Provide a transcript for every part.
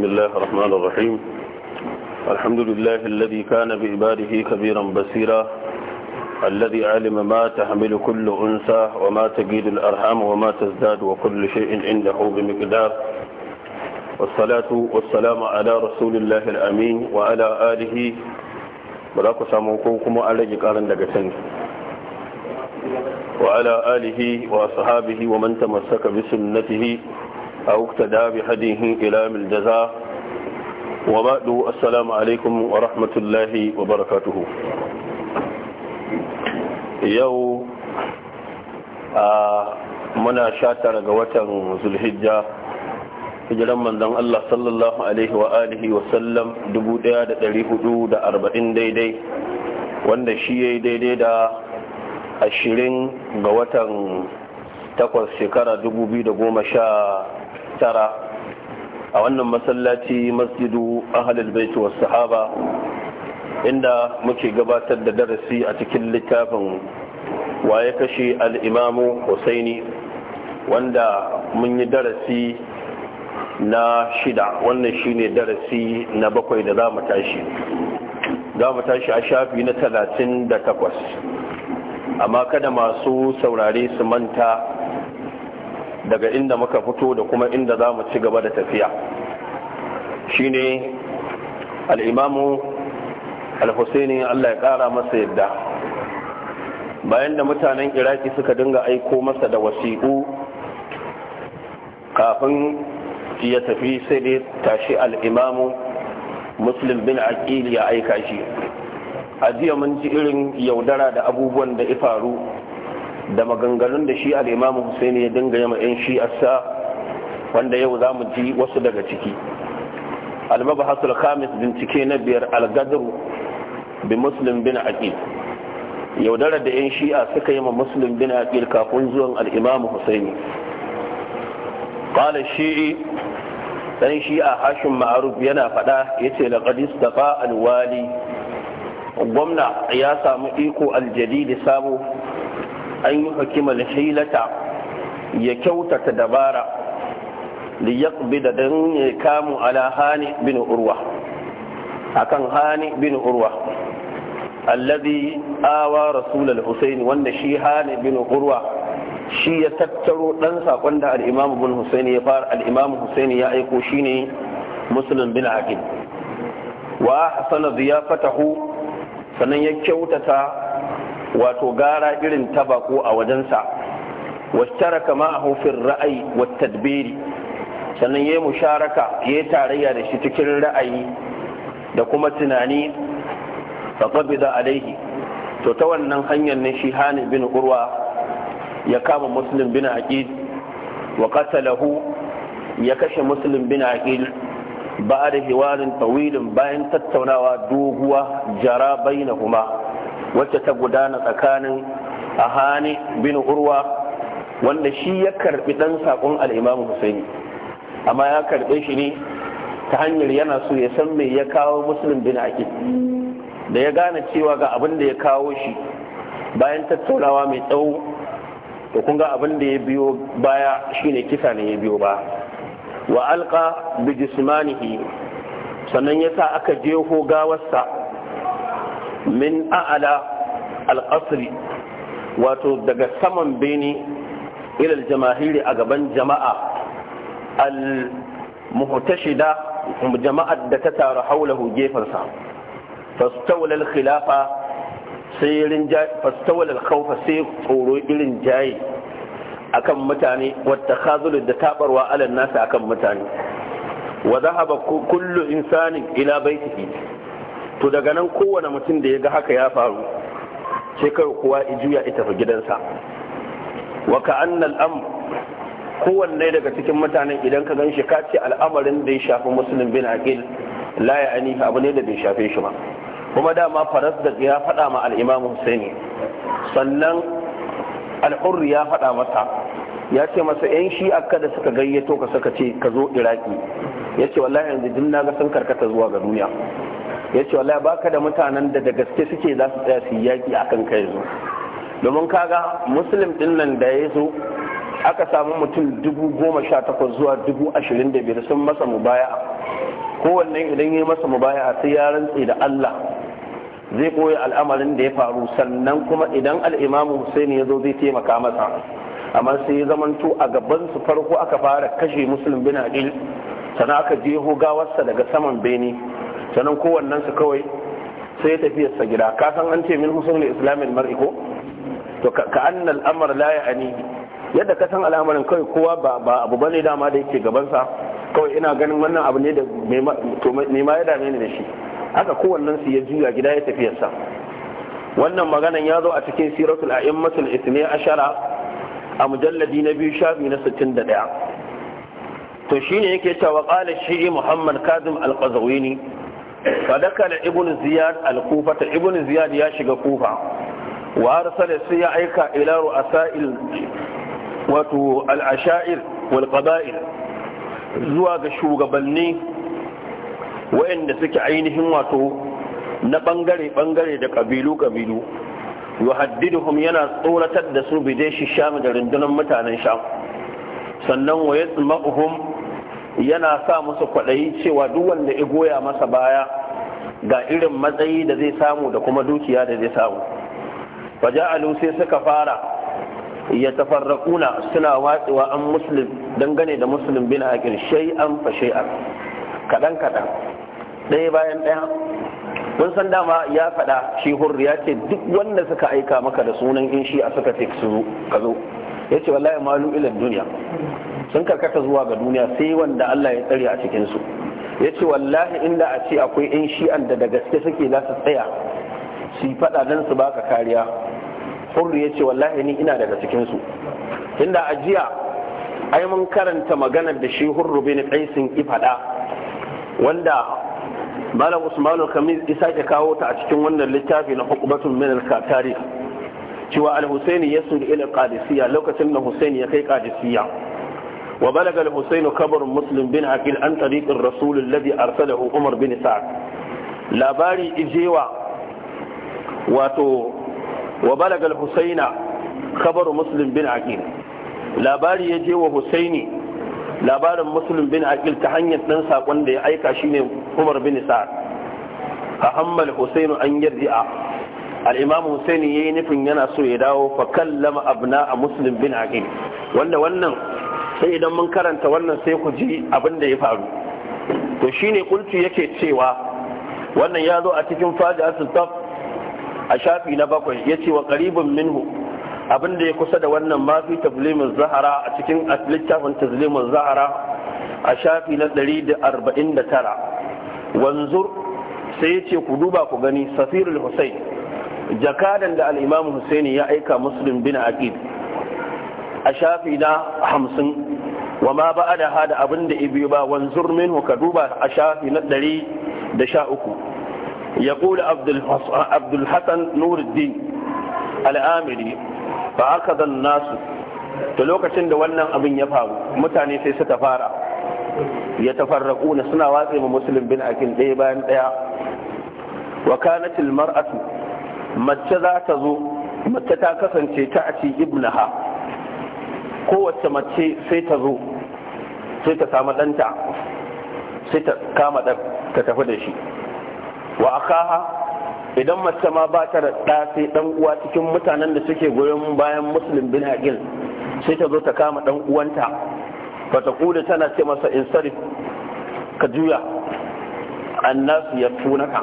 بسم الله الرحمن الرحيم الحمد لله الذي كان بإباده كبيرا بسيرا الذي علم ما تحمل كل أنثى وما تجيد الأرحام وما تزداد وكل شيء عنده بمقدار والصلاة والسلام على رسول الله الأمين وعلى آله ولاكو ساموكوكم على جكارا لقسن وعلى آله وأصحابه ومن تمسك بسنته أو اقتدى بهديه إلى من الجزاء وبعد السلام عليكم ورحمة الله وبركاته يو muna sha ga watan zulhijja hijiran manzon Allah sallallahu alaihi wa alihi wa sallam 1440 daidai wanda shi yayi daidai da 20 ga watan takwas shekara sha. tara a wannan masallaci masjidu ahalil Baitu was sahaba inda muke gabatar da darasi a cikin littafin waye kashe al'imamu husaini wanda mun yi darasi na shida wannan shine darasi na bakwai da za mu tashi za mu tashi a shafi na talatin da takwas amma kada masu saurare su manta daga inda muka fito da kuma inda za mu ci gaba da tafiya Shi ne al'imamu al-husaini allah ya ƙara masa yadda bayan da mutanen iraki suka dinga aiko masa da wasiƙu kafin ya tafi sai dai tashi al'imamu muslim bin aqil ya aika shi a jiya mun ji irin yaudara da abubuwan da ifaru da maganganun da shi al-imam ya dinga yama yan shi sa wanda yau za mu ji wasu daga ciki Almaba hasul khamis bincike na biyar al bi muslim bin aqil yaudara da yan shi'a suka yi ma muslim bin aqil kafin zuwan al-imam Husaini qala shi'i dan shi'a hashim ma'aruf yana fada yace laqad da al alwali. gwamna ya samu iko aljadidi sabo an yi hukimar hilata ya kyautata dabara da ya da don ya kamu ala hani bin urwa akan hani bin urwa alladhi awa rasulul husaini wanda shi hani bin urwa shi ya tattaro dan sakon da al-imam ibn husaini ya fara al-imam husaini ya aiko shine muslim bin aqil wa ahsana ziyafatahu sannan ya kyautata wato gara irin ta ko a wajensa washtara kama a hufin ra'ayi wa tadbiri sannan ya yi musharaka ya yi tarayya da shi cikin ra'ayi da kuma tunani da a alaihi to ta wannan hanyar ne shi hani bin urwa ya kama musulun bin aqid wa qatalahu ya kashe musulun bin aqil ba da hiwarin tawilin bayan tattaunawa doguwa jara kuma wacce ta gudana tsakanin hane bin urwa wanda shi ya karbi dan sakon al'imamu husaini amma ya karbe shi ne ta hanyar yana so ya san mai ya kawo musulun bin aqil da ya gane cewa ga abin da ya kawo shi bayan tattaunawa mai tsawo to kun ga abin da ya biyo baya shine kisa ne ya biyo ba wa alqa bi jismanihi sannan sa aka jeho gawarsa min a'ala alƙasri wato daga saman bene ilal jamahiri a gaban jama'a al-muhtashida jama'ar da ta taru haulahu gefensa fastawal al-khilafa sai rinjaye fastawal al-khawfa sai tsoro irin jaye akan mutane wata khazulun da tabarwa alan nasa akan mutane wa zahaba kullu insanin ila baitihi to daga nan kowane mutum da ya ga haka ya faru sai kuwa juya ita fi gidansa wa ka am kowanne daga cikin mutanen idan ka ganshi ka ce al'amarin da ya shafi musulun bin aqil la ya ani abu ne da bai shafe shi ba kuma dama faras da ya faɗa ma al'imamu husaini sannan al'urri ya faɗa masa ya ce masa yan shi akka da suka gayyato ka suka ce ka zo iraki ya ce wallahi yanzu duk na ga sun karkata zuwa ga duniya ya ce wallahi baka da mutanen da da gaske suke za su tsaya su yaƙi a kan kai zo domin kaga musulun ɗin nan da ya zo aka samu mutum dubu goma sha takwas zuwa dubu ashirin da biyar sun masa mubaya kowannen idan ya masa mubaya sai ya rantse da Allah zai koya al'amarin da ya faru sannan kuma idan al'imamu husaini ya zo zai taimaka masa amma sai ya zamanto a gaban su farko aka fara kashe musulun bin adil sannan aka jeho gawarsa daga saman bene sanan kowannen su kawai sai tafiyarsa sa gida ka san an ce min husnul islamin mar'i ko to ka annal amr la ya'ani yadda ka san al'amarin kai kowa ba ba abu bane dama da yake gaban sa kawai ina ganin wannan abu ne da me ma ya dame ne da shi haka kowannen su ya juya gida ya tafi sa wannan maganan ya zo a cikin siratul a'immatul ithnai ashara a mujalladi na biyu shafi na 61 to shine yake cewa qala shi'i muhammad kazim al-qazawini fadakala Ibnu ziyad al-kufa ta Ibnu ziyad ya shiga kufa wa arsala sai ya aika ila ru'asa'il wato al-asha'ir wal qaba'il zuwa ga shugabanni wayanda suke ainihin wato na bangare bangare da kabilu kabilu yuhaddiduhum yana tsoratar da su dai shi sham da rundunar mutanen sham sannan wa yana sa musu kwaɗayi cewa duk wanda ya goya masa baya ga irin matsayi da zai samu da kuma dukiya da zai samu faja'alu sai suka fara ya tafarraƙuna suna watsewa an muslim dangane da muslim bin haƙin shay'an fa shay'an kaɗan kaɗan ɗaya bayan ɗaya kun san dama ya faɗa shi hurri ya ce duk wanda suka aika maka da sunan inshi a suka ce ka zo ya ce wallahi malu ilan duniya sun karkata zuwa ga duniya sai wanda Allah ya tsare a cikin su yace wallahi inda a ce akwai in shi'an da da gaske suke za su tsaya su fada dan su baka kariya hurru yace wallahi ni ina daga cikin su inda ajiya ai mun karanta maganar da shi hurru bin qaisin ifada wanda malam usmanu kamis isa ke kawo ta a cikin wannan littafi na hukumatun min al-katari cewa al-husaini ya suri ila qadisiyya lokacin da husaini ya kai qadisiyya وبلغ الحسين خبر مسلم بن عقيل عن طريق الرسول الذي أرسله عمر بن سعد labari ijewa wato wa balagal husaina khabaru muslim bin aqil labari ya je wa husaini labarin muslim bin aqil ta hanyar ɗan saƙon da ya aika shi ne umar bin sa'ad A hammal husainu an yarji'a al-imam husaini ya yi nufin yana so ya dawo fa kallama abna muslim bin aqil wanda wannan sai idan mun karanta wannan sai ku ji abin da ya faru to shine kuntu yake cewa wannan ya zo a cikin faji taf a shafi na bakwai ya ce wa qaribun minhu abin da ya kusa da wannan ma fi tazlimin zahara a cikin littafin tazlimin zahara a shafi na 149 wanzur sai yace ku duba ku gani safirul husayn jakadan da al-imam husaini ya aika muslim bin aqid a shafi na hamsin wa ma ba da hada abin da ibiyu ba wanzur minhu ka duba a shafi na ɗari da sha uku ya kula abdulhassan nuruddin al'amiri ba aka zan nasu ta lokacin da wannan abin ya faru mutane sai suka fara ya tafarraku na suna watse ma musulun bin akin ɗaya bayan ɗaya wa kanatil mar'atu mace za ta zo mace ta kasance ta a ci ibnaha kowace mace sai ta zo sai ta samu danta sai ta kama ɗan ta tafi da shi wa akaha idan mace ma ba ta da ɗa sai ɗan uwa cikin mutanen da suke goyon bayan muslim bin haƙil sai ta zo ta kama ɗan uwanta ba ta kuda tana ce masa sarif ka juya annasu ya tunaka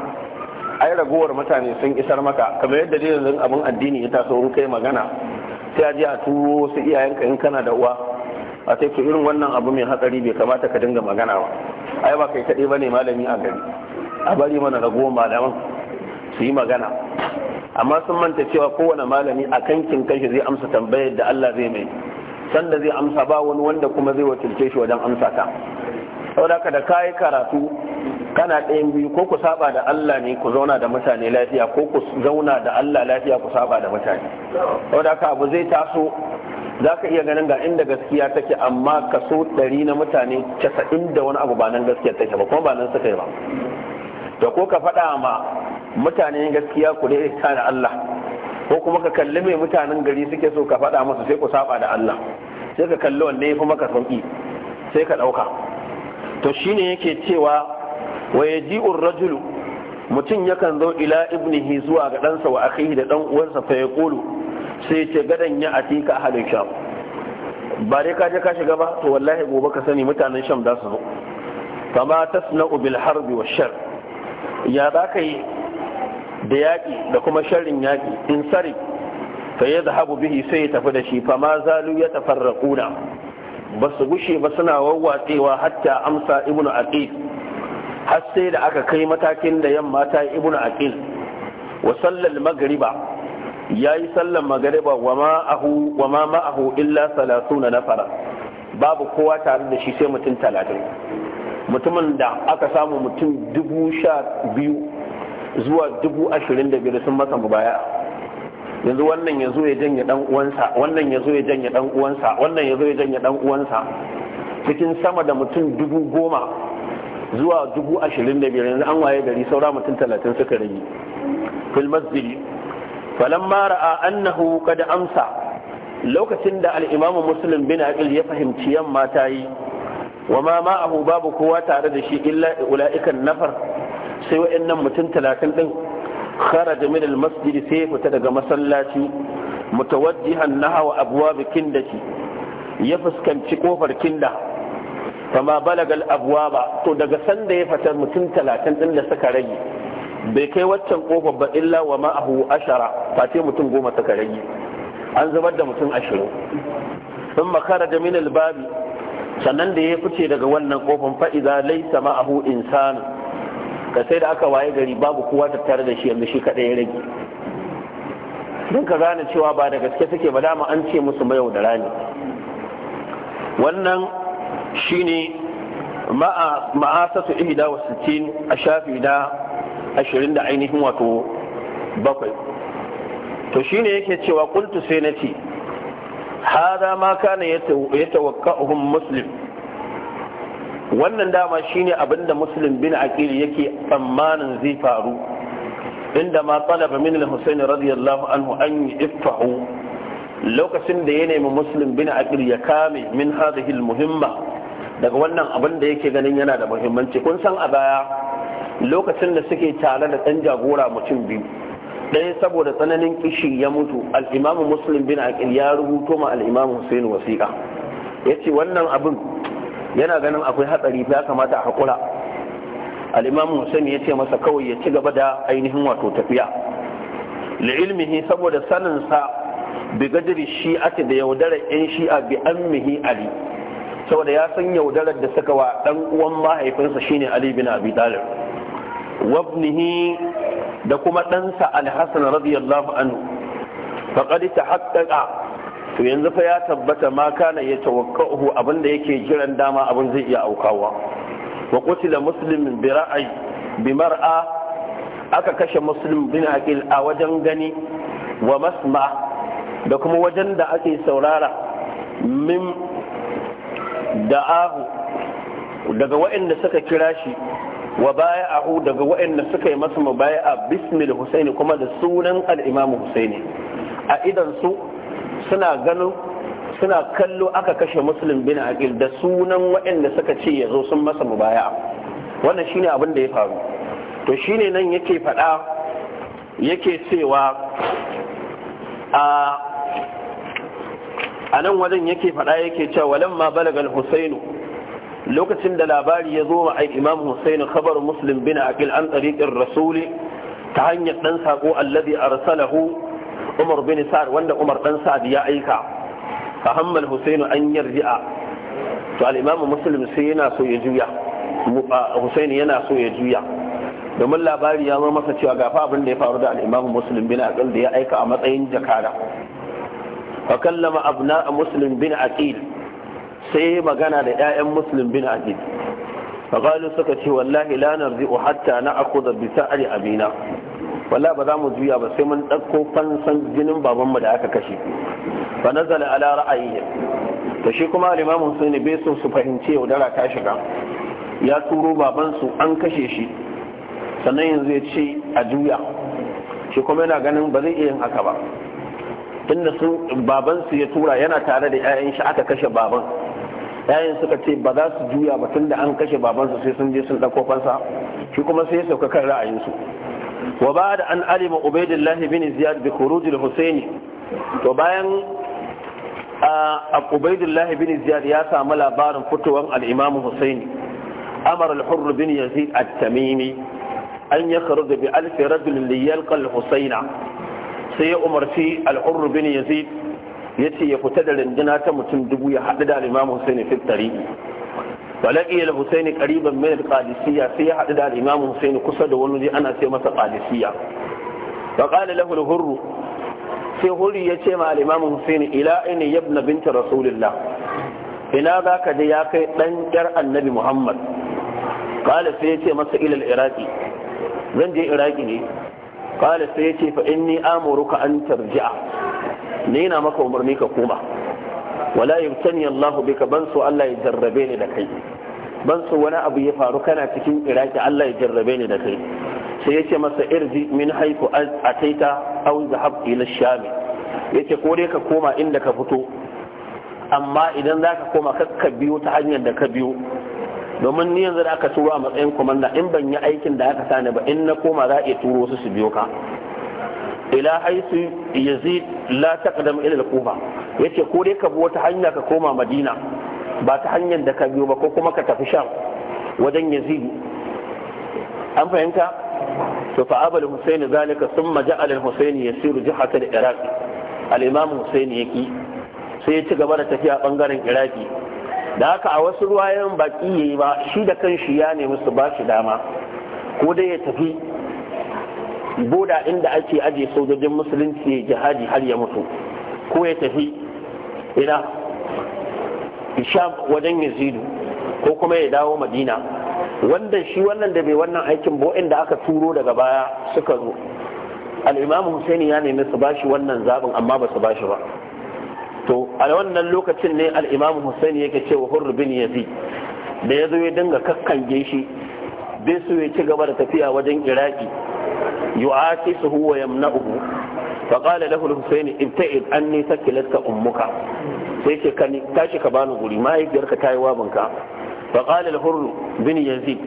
ai ragowar mutane sun isar maka kamar yadda dai yanzu abin addini ya taso in kai magana sai a je a turo su iyayenka in kana da uwa a sai to irin wannan abu mai hatsari bai kamata ka dinga magana ba ai ba kai kaɗai bane malami a gari a bari mana ragowar malaman su yi magana amma sun manta cewa kowane malami a kankin kashi zai amsa tambayar da Allah zai mai sanda zai amsa ba wani wanda kuma zai wakilce shi wajen amsa ta saboda da kayi karatu kana ɗayan biyu ko ku saba da Allah ne ku zauna da mutane lafiya ko ku zauna da Allah lafiya ku saba da mutane wadda ka abu zai taso za ka iya ganin ga inda gaskiya take amma kaso ɗari na mutane casa'in da wani abu ba nan gaskiya take ba kuma ba nan suka yi ba da ko ka faɗa ma mutane gaskiya ku dai ta da Allah ko kuma ka kalli mai mutanen gari suke so ka faɗa musu sai ku saba da Allah sai ka kalli wanne ya fi maka sauƙi? sai ka ɗauka to shine yake cewa wa yaji'u ar-rajulu mutum yakan zo ila ibnihi zuwa ga ɗansa wa akhihi da ɗan uwansa fa yaqulu sai ce gadan ya atika halin sham ba dai ka je ka shiga ba to wallahi gobe ka sani mutanen sham za su zo kama tasna'u bil harbi wa shar ya za ka yi da yaƙi da kuma sharrin yaƙi in sari fa ya zahabu bihi sai ya tafi da shi fa ma zalu ya tafarraquna ba su gushe ba suna wawwatsewa hatta amsa ibnu aqil har sai da aka kai matakin da yamma ta yi ibnu aqil wa sallal magriba yayi sallan magriba wa ma ahu wa ma ma'ahu illa 30 nafara babu kowa tare da shi sai mutum 30 mutumin da aka samu mutum dubu sha biyu zuwa dubu ashirin da biyar sun masa mubaya yanzu wannan ya zo ya janye dan uwansa wannan ya zo ya janye dan uwansa wannan ya zo ya janye dan uwansa cikin sama da mutum dubu goma zuwa dubu ashirin da biyar yanzu an waye gari saura mutum talatin suka rage fil masjidi falamma ra'a annahu qad amsa lokacin da al-imamu muslim bin aqil ya fahimci yamma ta yi wa ma ma'ahu babu kowa tare da shi illa ula'ikan nafar sai wa'annan mutum talatin din kharaja min al-masjid sai fita daga masallaci mutawajjihan nahawa abwab kindati ya fuskanci kofar kinda kama balagal abuwa ba to daga sanda ya fita mutum talatin din da suka rage bai kai waccan kofar ba illa wa ma'ahu ashara face mutum goma suka rage an zubar da mutum ashirin sun makara da min albabi sannan da ya fice daga wannan kofar fa'iza laisa ma'ahu insanu da sai da aka waye gari babu kowa tare da shi yanzu shi kaɗai ya rage don ka gane cewa ba da gaske suke ba dama an ce musu mayau da rani wannan shine ma'asatu ihda wa sittin a shafi na ashirin da ainihin wato bakwai to shine yake cewa kultu sai na ce hada ma kana yatawakka'uhum muslim wannan dama shine abinda muslim bin aqil yake tsammanin zai faru inda ma talaba min al-husayn radiyallahu anhu an iffahu. lokacin da ya nemi muslim bin akir ya kame min hadhihi muhimma daga wannan abin da yake ganin yana da muhimmanci kun san a baya lokacin da suke tare da dan jagora mutum biyu ɗaya saboda tsananin kishi ya mutu al-imamu muslim bin aqil ya rubuto ma al-imamu wasiƙa ya ce wannan abin yana ganin akwai hatsari ya kamata a hakura al-imamu ya ce masa kawai ya ci gaba da ainihin wato tafiya li'ilmihi saboda saninsa bi shi'a ce da yaudarar yan shi'a bi ammihi ali saboda ya san yaudarar da suka wa dan uwan mahaifinsa shine ali bin abi talib wabnihi da kuma ɗansa alhassan radiyallahu anhu faƙad ta haƙaƙa to yanzu fa ya tabbata ma kana ya tawakkahu abinda yake jiran dama abin zai iya aukawa wa qutila muslimin bi ra'ay bi mar'a aka kashe muslim bin aqil a wajen gani wa masma da kuma wajen da ake saurara min da'ahu daga waɗanda suka kira shi wa baya ahu daga waɗanda suka yi masa baya a bismil husaini kuma da sunan al'imamu husaini a idan su suna ganin suna kallo aka kashe musulun bin aqil da sunan waɗanda suka ce ya zo sun masa mubaya wannan shine abin da ya faru to shine nan yake faɗa yake cewa a a nan wajen yake faɗa yake cewa walan ma balagal husainu lokacin da labari ya zo ma ai imam husainu khabar muslim bin aqil an tariqir rasuli ta hanyar dan sako alladhi arsalahu umar bin sa'ad wanda umar dan sa'ad ya aika fa hammal husainu an yarji'a to al imam muslim sai yana so ya juya husainu yana so ya juya domin labari ya zo masa cewa gafa abin da ya faru da al imam muslim bin aqil da ya aika a matsayin jakada fa kallama a muslim bin aqil sai magana da 'ya'yan muslim bin aqil fa suka ce wallahi la narji'u hatta na'khudha bi sa'ri abina wallahi ba za mu juya ba sai mun ɗauko fansan jinin babanmu da aka kashe fa nazala ala ra'ayi to shi kuma Limamin imam Husaini bai su fahimci yaudara ta shiga ya turo babansu an kashe shi sannan yanzu ya ce a juya shi kuma yana ganin ba zai iya yin haka ba tunda sun baban su ya tura yana tare da 'ya'yan shi aka kashe baban 'ya'yan suka ce ba za su juya ba tunda an kashe baban su sai sun je sun dauko fansa shi kuma sai ya sauka kan ra'ayin su wa bada an alima ubaidillahi bin ziyad bi al husaini to bayan a ubaidillahi bin ziyad ya samu labarin fitowar al-imam husaini amara al-hurr bin yazid at-tamimi an yakhruj bi alf rajul li yalqa al-husaina sai ya umarci al'urru bin yazid ya ce ya fita da rindina ta mutum dubu ya haɗu da al'imam husaini fi tari falaki ya husaini ƙariban min qadisiyya sai ya haɗu da al'imam husaini kusa da wani ana ce masa qadisiyya Ba qala lahu hurru sai hurri ya ce ma al-imam husaini ila ayna yabna binta rasulillah ina za ka je ya kai ɗan ƴar annabi muhammad qala sai ya ce masa ila Iraki zan je Iraki ne qala sai yace fa inni amuruka an tarji'a ni na maka umarni ka koma wala yubtani Allah bika ban so Allah ya jarrabe ni da kai ban so wani abu ya faru kana cikin iraki Allah ya jarrabe ni da kai sai yace masa irji min haiku ataita aw zahab ila sham yace ko dai ka koma inda ka fito amma idan zaka koma kakka biyo ta hanyar da ka biyo domin ni yanzu da aka turo a matsayin komanda in ban yi aikin da aka sani ba in na koma za a turo su su biyo ka ila haisu yazid la taqdam ila al-kufa yace ko dai ka bi wata hanya ka koma madina ba ta hanyar da ka biyo ba ko kuma ka tafi sham wajen yazid an fahimta to fa abul husayn zalika thumma ja'ala al-husayn yasiru jihata al-iraq al-imam husayn ki, sai ya ci gaba da tafiya bangaren iraki da haka a wasu ruwayan baki yayi ba shi da kan shi ya nemi su ba shi dama ko dai ya tafi boda inda ake aje sojojin musulunci ya jihadi har ya mutu ko ya tafi ina isham wajen yazidu ko kuma ya dawo madina wanda shi wannan da bai wannan aikin bo inda aka turo daga baya suka zo al'imamu husaini ya nemi su ba shi wannan zabin amma ba su ba shi ba to a wannan lokacin ne al-imam Hussein yake cewa Hurru bin Yazid da ya zo ya dinga kakkange shi bai so ya ci gaba da tafiya wajen Iraki yu'atisuhu wa yamna'uhu فقال له الحسين ابتعد عني سكلتك ummuka, sai ce tashi ka bani guri mahaifiyarka ta yi wabinka fa qala al bin yazid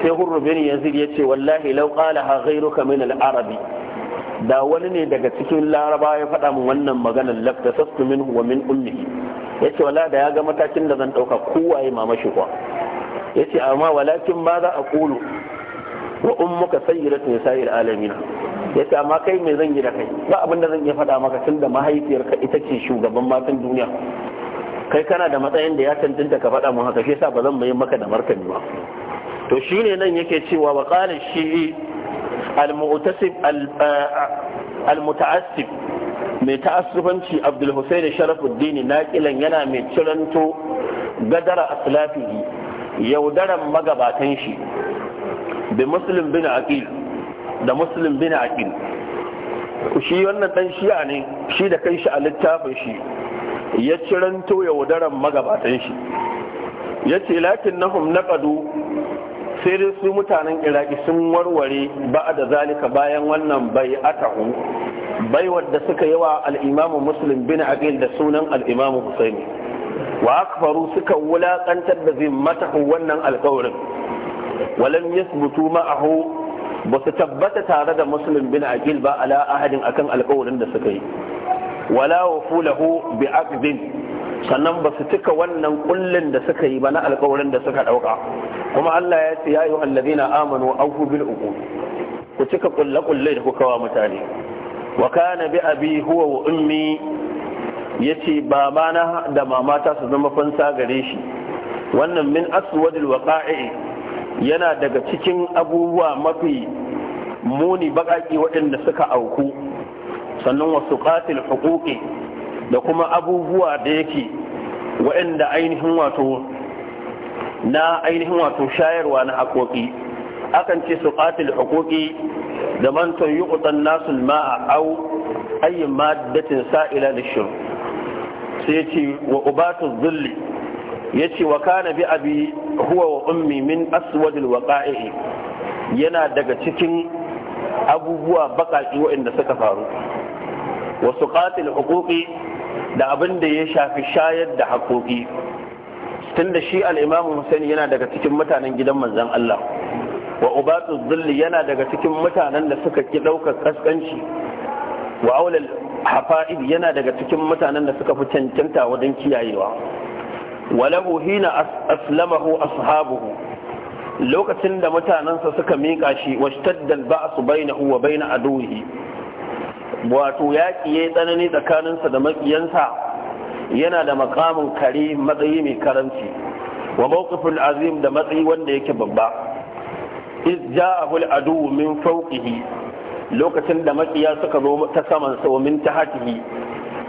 sai Hurru bin yazid yace wallahi law qalaha ghayruka min al-arabi da wani ne daga cikin laraba ya faɗa min wannan maganar lafta sastu min wa min ummi yace wala da ya ga matakin da zan ɗauka waye mama shi kwa yace amma walakin ba za a kulu wa ummuka sayyidatu alamina. alamin yace amma kai me zan yi da kai ba abin da zan iya faɗa maka tun da mahaifiyarka ita ce shugaban matan duniya kai kana da matsayin da ya cancanta ka faɗa mun haka shi yasa ba zan mai maka da martani ba to shine nan yake cewa wa qala shi'i al-mu'tasib al-muta'assib mai ta'assufanci Abdul Hussein Sharafuddin naqilan yana mai ciranto gadara aslafihi yaudaran magabatan shi Da muslim bin aqil da muslim bin aqil shi wannan dan shi'a ne shi da kai shi a littafin shi ya ciranto yaudaran magabatan shi Ya ce yace lakinnahum naqadu sai dai su mutanen iraki sun warware ba da zalika bayan wannan bai atahu bai wadda suka yawa al'imamu muslim bin abin da sunan al'imamu husaini wa akfaru suka wulaƙantar da zimmatahu wannan alkawarin walam yasbutu ma'ahu ba su tabbata tare da muslim bin abin ba ala ahadin akan alkawarin da suka yi wala wafu bi aqdin sannan ba su cika wannan kullin da suka yi ba na alkawarin da suka dauka kuma Allah ya ce ya yi amanu awfu bil uqud ku cika kulle kulle da kuka wa mutane wa kana bi abi huwa wa ummi yace na da mamata su zama fansa gare shi wannan min aswadil waqa'i yana daga cikin abubuwa mafi muni baƙaƙi waɗanda suka auku sannan wasu ƙatil hukuki da kuma abubuwa da yake waɗanda ainihin wato na ainihin wato shayarwa na haƙoƙi akan ce su ƙatil haƙoƙi da mantan yi ƙutan nasu ma'a au ayyin maddatin sa'ila da shir sai ce wa ubatu zulli ya ce wa kana bi abi huwa wa ummi min aswadil waqa'i yana daga cikin abubuwa baƙaƙi waɗanda suka faru wasu ƙatil haƙoƙi da abin da ya shafi shayar da haƙoƙi tun da shi al'imamu Hussein yana daga cikin mutanen gidan manzan Allah wa ubatu zulli yana daga cikin mutanen da suka ki ɗaukar ƙasƙanci wa aulal hafa'id yana daga cikin mutanen da suka fi cancanta wajen kiyayewa lahu hina aslamahu ashabuhu lokacin da mutanensa suka miƙa shi washtadda al-ba'su bainahu wa baina aduwihi wato yaƙi ya yi tsanani tsakaninsa da maƙiyansa yana da makamin kare matsayi mai karanci wa mawqifin azim da matsayi wanda yake babba iz ja'ahu al min fawqihi lokacin da maƙiya suka zo ta saman sa min tahtihi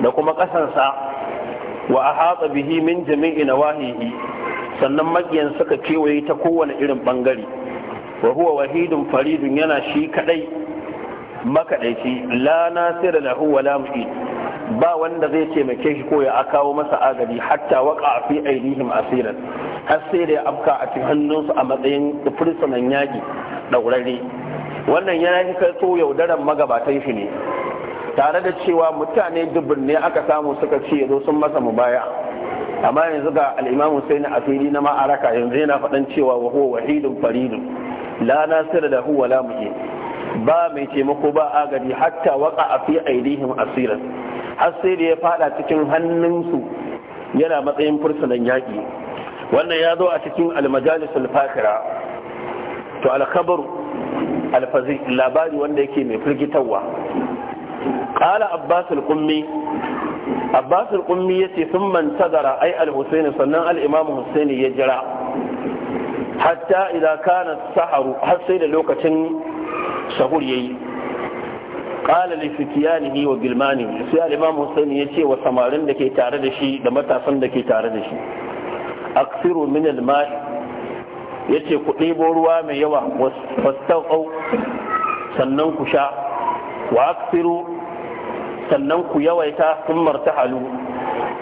da kuma ƙasan sa wa ahata bihi min jami'i nawahihi sannan maƙiyan suka kewaye ta kowane irin bangare wa huwa wahidun faridun yana shi kadai makadaici la nasira lahu la mu'in ba wanda zai taimake shi ko ya akawo masa agadi hatta waka fi ainihin asiran har sai da ya afka a cikin hannunsu a matsayin fursunan yaƙi ɗaurare wannan yana yi karto yaudaran magabatan shi ne tare da cewa mutane dubin ne aka samu suka ce zo sun masa mubaya amma yanzu ga al'imamu sai na asiri na ma'araka yanzu yana faɗan cewa wa huwa wahidun faridun la nasira da huwa la mu'in ba mai taimako ba agadi hatta waka a fi ainihin asirin. har sai da ya fada cikin hannunsu yana matsayin fursunan yaƙi wannan ya zo a cikin almajalis alfakira to alkabar alfazi labari wanda yake mai firgitarwa Ƙara abbas al-qummi abbas al-qummi yace thumma intazara ay al-husayn sannan al-imam husayn ya jira hatta idza kana saharu har sai da lokacin sahur yayi qala li fityanihi wa gilmani sai al-imam ya yace wa samarin da ke tare da shi da matasan da ke tare da shi aksiru min al-ma'i yace ku ɗebo ruwa mai yawa wastaqau sannan ku sha wa aksiru sannan ku yawaita sun halu.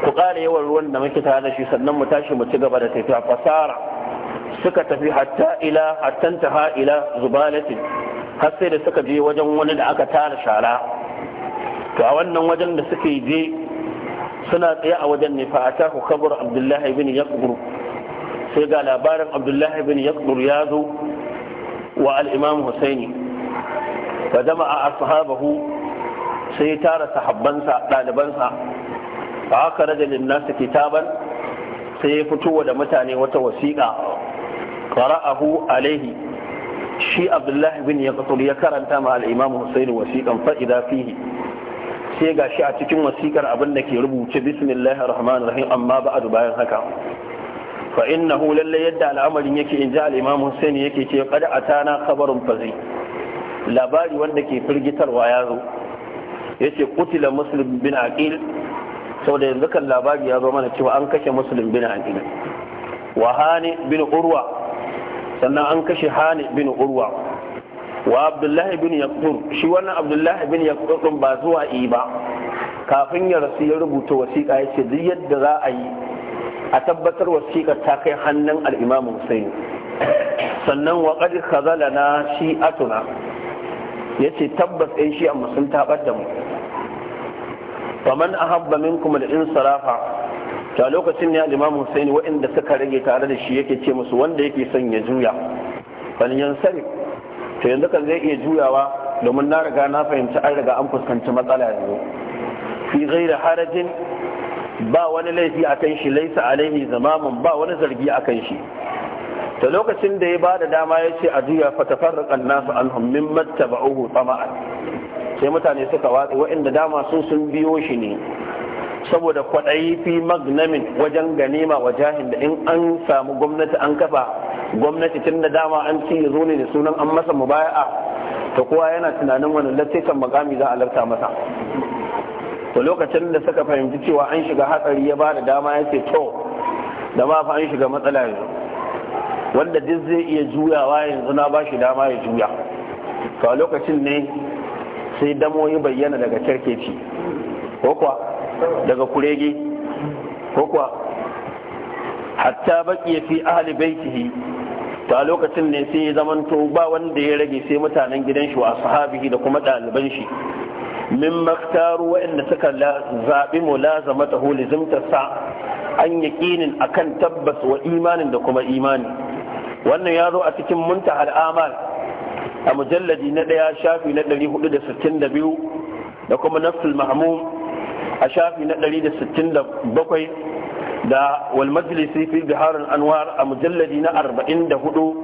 ku ƙara yawan ruwan da muke tare da shi sannan mu tashi mu ci gaba da tafiya fasara suka tafi hatta ila hattanta ila zubalatin har sai da suka je wajen wani da aka tara shara to a wannan wajen da suka je suna tsaye a wajen ne fa'ata ku kabar abdullahi bin yaqbur sai ga labarin abdullahi bin yaqbur ya zo wa al-imam husaini fa jama'a ashabahu sai tara sahabbansa dalibansa fa aka rada lin kitaban sai ya fito da mutane wata wasiƙa qara'ahu alaihi shi abdullahi bin yaqtul ya karanta ma al-imam husayn wasiqan fa idha fihi sai shi a cikin wasiƙar abinda ke rubuce bismillahir rahman rahim amma ba'du bayan haka fa innahu lalle yadda al'amarin yake in ji al-imam husayn yake ce qad atana khabarun fazi labari wanda ke firgitarwa ya zo yace qutila muslim bin aqil saboda yanzu kan labari ya zo mana cewa an kashe muslim bin aqil wa bin urwa sannan an kashe hani bin urwa wa abdullahi bin yaqtur shi wannan abdullahi bin yaqtur din ba zuwa yi ba kafin ya rasu ya rubuta wasiƙa ya ce duk yadda za a yi a tabbatar wasiƙar ta kai hannun al-imam Hussein sannan wa qad khazalana shi'atuna yace tabbas ɗin shi'a musun ta bar da mu faman ahabba minkum al-insarafa ta lokacin ne al'imamu sai ne waɗanda suka rage tare da shi yake ce musu wanda yake son ya juya yan sani. Ta yanzu kan zai iya juyawa domin na riga na fahimci an riga an fuskanci matsala yanzu fi zai da harajin ba wani laifi a kan shi laisa alaihi zamamun ba wani zargi a kan shi ta lokacin da ya ba da dama ya ce a juya fatafarrakan nasu an hummin mattaba'uhu sai mutane suka watsa waɗanda dama su sun biyo shi ne saboda kwaɗayi fi magnamin wajen ganima wa jahin da in an samu gwamnati an kafa gwamnati tun da dama an ci zo ne da sunan an masa mubaya'a to kowa yana tunanin wani lattikan makami za a larta masa to lokacin da suka fahimci cewa an shiga hatsari ya ba da dama ya ce to da ma fa an shiga matsala yanzu wanda duk zai iya juyawa yanzu na ba shi dama ya juya to a lokacin ne sai damo ya bayyana daga kyarkeci ko kuwa daga kurege ko kuwa hatta baki fi ahli baitihi to a lokacin ne sai ya zamanto ba wanda ya rage sai mutanen gidan shi wa sahabihi da kuma ɗaliban shi min maktaru waɗanda suka zaɓi mu lazama ta sa an yaƙinin akan tabbas wa imanin da kuma imani wannan ya zo a cikin munta al'amal a mujalladi na ɗaya shafi na 462 da kuma nafsul mahmum a shafi na 167 da wal majlisi fi biharin anwar a mujalladi na 44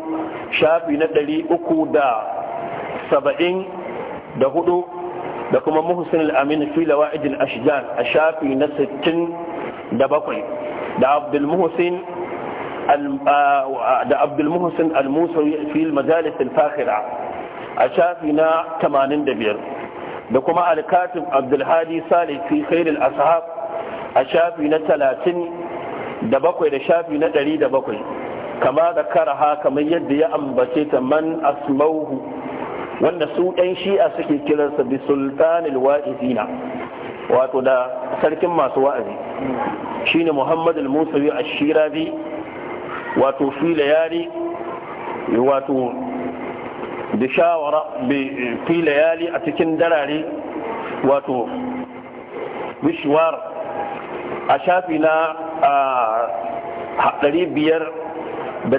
shafi na 374 da kuma muhsin al-amin fi lawa'id al-ashjar a shafi na 67 da abdul muhsin da abdul muhsin al-musawi fi majalis al-fakhira a shafi na 85 da kuma alkatin abdulhadi salih fi khairul ashab a shafi na talatin da bakwai da shafi na ɗari da bakwai kama da karaha kamar yadda ya ambace ta man asmauhu wanda su ɗan shi'a suke kiransa bi sultanil wa'izina wato da sarkin masu wa'azi shine muhammad al-musawi ash-shirazi wato fi layali wato da shawara fi layali a cikin darare wato bishwar a shafi na 587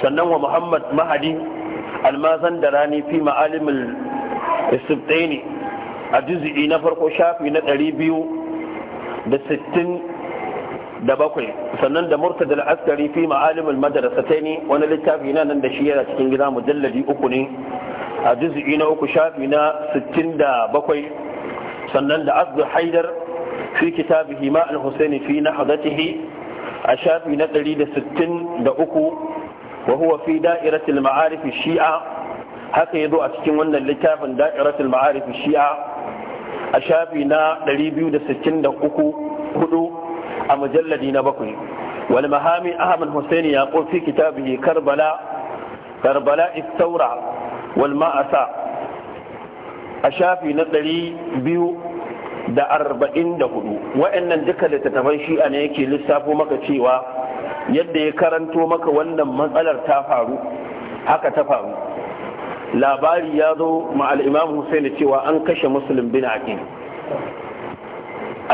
sannan wa muhammad mahadi almazan da rani fi ma'alimin istibtaini a juzi'i na farko shafi na 260 da bakwai sannan da murtada al fi fi madarasa ta ne wani littafi na nan da shi yana cikin gida mujalladi uku ne a juz'i na uku shafi na 67 sannan da asdu haidar fi kitabihi ma al-husaini fi nahdatihi a shafi na 163 wa huwa fi da'iratil ma'arif shi'a haka yazo a cikin wannan littafin da'iratul ma'arif shi'a a shafi na 263 hudu a mujalladi na bakwai wal mahami ahmad hussein ya fi kitabihi karbala karbala istaura wal ma'asa a shafi na ɗari biyu da arba'in da hudu wa'annan duka littattafan shi'a ne yake lissafo maka cewa yadda ya karanto maka wannan matsalar ta faru haka ta faru labari ya zo ma al'imam hussein cewa an kashe musulun bin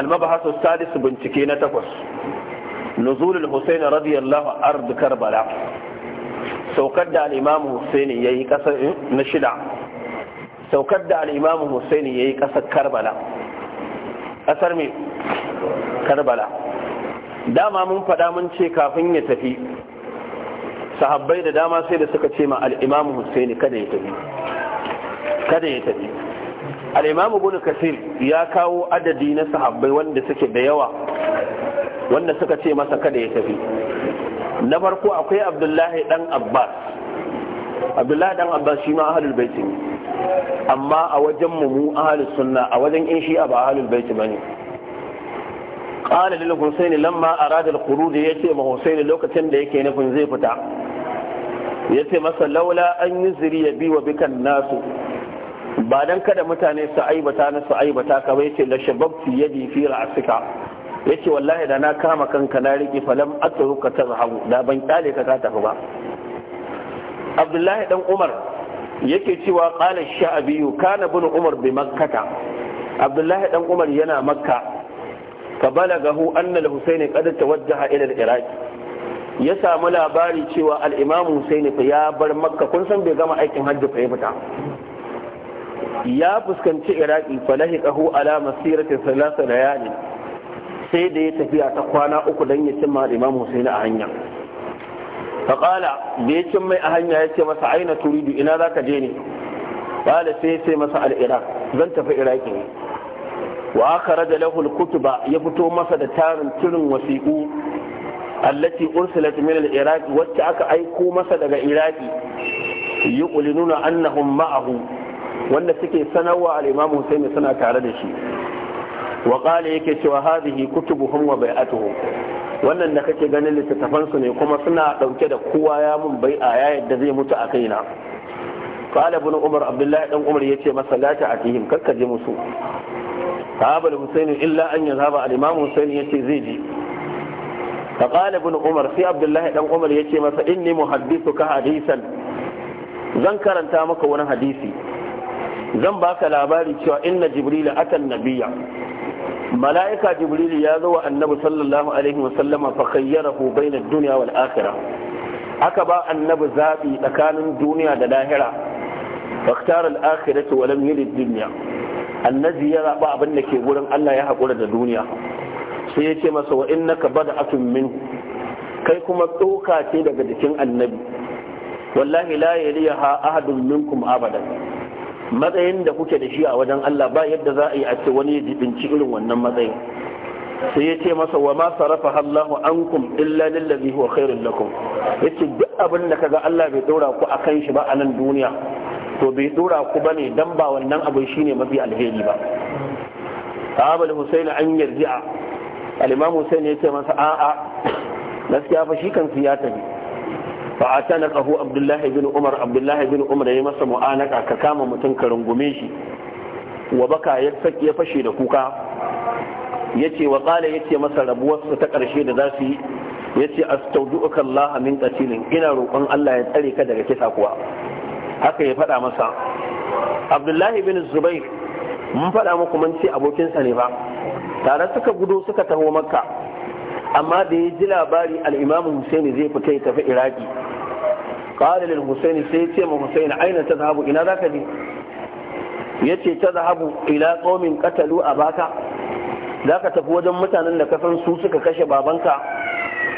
المبحث السادس بنتكينة تقص نزول الحسين رضي الله أرض كربلاء saukar da al'imamu husaini ya yi ƙasar na shida saukar da al'imamu husaini ya yi ƙasar karbala ƙasar mai karbala dama mun faɗa mun ce kafin ya tafi sahabbai da dama sai da suka ce ma al'imamu kada ya tafi kada ya tafi al'imamu bin kasir ya kawo adadi na sahabbai wanda suke da yawa wanda suka ce masa kada ya tafi na farko akwai abdullahi dan abbas abdullahi dan abbas shi ma ahalul baiti ne amma a wajen mu ahalus sunna a wajen in shi ba ahalul baiti bane qala lil husaini lamma arada al khuruj yace ma husaini lokacin da yake nufin zai fita yace masa laula an yuzri bi wa bikan nasu ba dan kada mutane su aibata na su aibata ka bai ce la shababtu yadi fi ra'sika yace wallahi da na kama kanka na rike falam atruka tazhabu da ban kyale ka ka tafi ba Abdullahi dan Umar yake cewa qala sha'abi kana bin Umar bi makkata Abdullahi dan Umar yana makka fa balagahu anna al-Husayn qad tawajjaha ila al-Iraq ya samu labari cewa al-Imam Husayn ya bar makka kun san bai gama aikin hajji fa ya fita ya fuskanci iraki falahi ƙahu alama da salasa layali sai da ya tafiya ta kwana uku don ya cimma imam husaini a hanya faƙala da ya cimma mai a hanya ya ce masa aina turidu ina za ka je ne ƙala sai ya ce masa al'iraq zan tafi iraki ne wa aka da lahul kutuba ya fito masa da tarin cirin wasiƙu allati ursilat min al-iraq wacce aka aiko masa daga iraki yuqulununa annahum ma'ahu wanda suke sanarwa al-imam Husaini suna tare da shi wa qala yake cewa hadhihi kutubuhum wa bai'atuhum wannan da kake ganin littattafansu ne kuma suna ɗauke da kowa ya mun bai'a ya yadda zai mutu a kaina qala ibn umar abdullahi ɗan umar ya ce masa la ta'atihim kakka je musu sahaba al-husayn illa an yazhaba al-imam ya ce zai je fa qala umar sai abdullahi ɗan umar ya ce masa inni ka hadisan zan karanta maka wani hadisi zan baka labari cewa inna jibril atan nabiyya mala'ika jibril ya zo wa annabi sallallahu alaihi wa sallama fa khayyarahu bayna ad-dunya wal akhirah aka ba annabi zabi tsakanin duniya da lahira faktar al-akhirah wa lam yurid dunya annabi ya zaba abin da ke gurin Allah ya hakura da duniya sai ya ce masa wa innaka bada'atun min kai kuma tsoka ce daga jikin annabi wallahi la yaliha ahadun minkum abadan matsayin da kuke da shi a wajen Allah ba yadda za a yi a ce wani ya jibinci irin wannan matsayin sai ya ce masa wa ma sarafa Allahu ankum illa lillazi huwa khairul lakum yace duk abin da kaga Allah bai dora ku akan shi ba a nan duniya to bai dora ku bane dan ba wannan abu shine mafi alheri ba Abul Husayn an yarji'a al-Imam Husayn yace masa a'a gaskiya fa shi kan ya tafi fa atana qahu abdullahi bin umar abdullahi bin umar yayi masa mu'anaka ka kama mutun ka rungume shi wa baka ya sake fashe da kuka yace wa qala yace masa rabuwar su ta karshe da za su yi yace astaudu'uka Allah min qatilin ina roƙon Allah ya tsare ka daga kisa kuwa haka ya faɗa masa Abdullahi bin Zubair mun faɗa muku mun ce abokinsa ne ba tare suka gudu suka taho makka amma da ya ji labari al'imamu husaini zai fita ya tafi iraki ƙwarar lil husaini sai ya ce ma husaini aina ta zahabu ina za ka je ya ce ta zahabu ila tsomin katalu a baka za ka tafi wajen mutanen da kasan su suka kashe babanka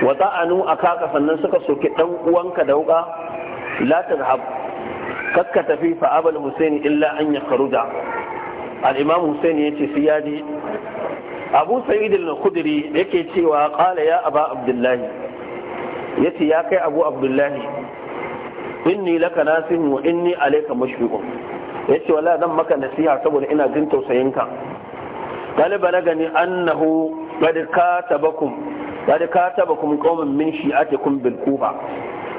Wata ta'anu a kaka sannan suka soke dan uwanka da wuka la ta zahab kakka tafi fa abal husaini illa an ya karuda al-imam husaini sai ya je abu sa'id al-khudri yake cewa qala ya aba abdullahi yace ya kai abu abdullahi inni laka nasihun wa inni alayka mushfiqun yace wala dan maka nasiha saboda ina jin tausayin ka qala balagani annahu qad katabakum qad katabakum qauman min shi'atikum bil kufa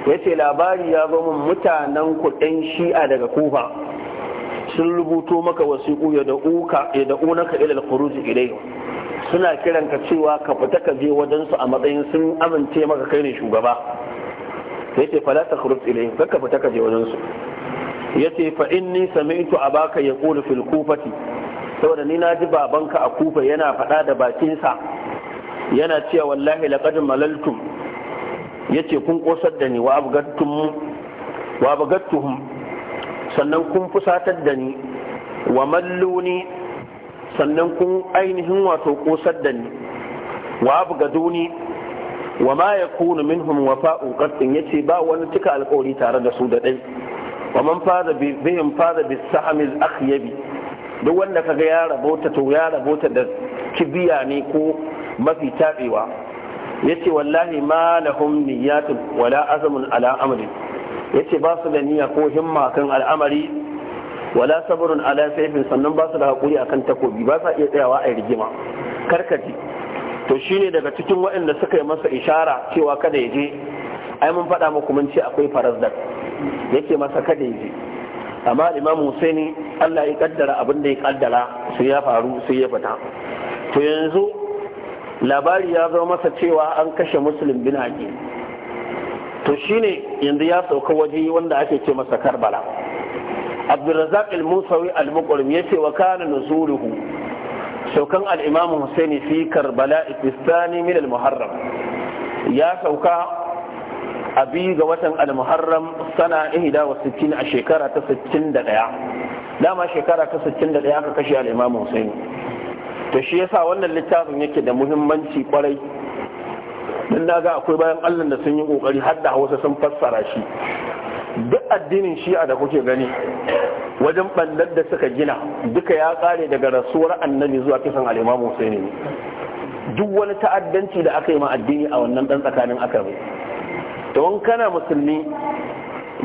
yace labari ya zo mun mutanen ku dan shi'a daga kufa sun rubuto maka wasiƙu ya da'uka ya da'unaka ila al-khuruj ilayhi suna kiran ka cewa ka fita ka je wajen a matsayin sun amince maka kai ne shugaba yace fala takhruj ilayhim ka fita ka je wajensu. Ya ce fa inni sami'tu abaka yaqulu fil kufati saboda ni na ji babanka a kufa yana faɗa da bakinsa yana cewa wallahi laqad malaltum yace kun kosar da ni wa abgattum wa abgattuhum sannan kun fusatar da ni wa malluni sannan kun ainihin wato kosar da ni wa duni. wa ma yakunu minhum wafa'un Ya yace ba wani cika alƙawari tare da su da dai wa man fara bihim fara bis sahamil akhyabi duk wanda kaga ya rabota to ya rabota da kibiya ne ko mafi tabewa yace wallahi ma lahum niyyatun wala azmun ala amri yace ba su da niyya ko himma kan al'amari wala sabrun ala sayfin sannan ba su da hakuri akan takobi ba sa iya tsayawa a rigima karkaji to shine daga cikin waɗanda suka yi masa ishara cewa kada ya je ai mun faɗa muku mun ce akwai farazdar yake masa kada ya je amma imamu husaini Allah ya kaddara abin da ya kaddara su ya faru su ya fita to yanzu labari ya zama masa cewa an kashe musulun bin to shine yanzu ya sauka waje wanda ake ce masa karbala abdurrazzaq al-musawi al ya ce wa kana nuzuluhu saukan al-imam husaini fi karbala istani min al-muharram ya sauka a biyu ga watan al-muharram sana ihda wa sittin a shekara ta sittin da ɗaya dama shekara ta sittin da ɗaya aka kashe al-imam husaini to shi yasa wannan littafin yake da muhimmanci kwarai dan na ga akwai bayan allah da sun yi kokari har da hausa sun fassara shi duk addinin shi'a da kuke gani wajen ɓallar da suka gina duka ya ƙare daga rasuwar annabi zuwa kisan al'imamu husaini ne duk wani ta'addanci da aka yi ma addini a wannan ɗan tsakanin aka bai to wani kana musulmi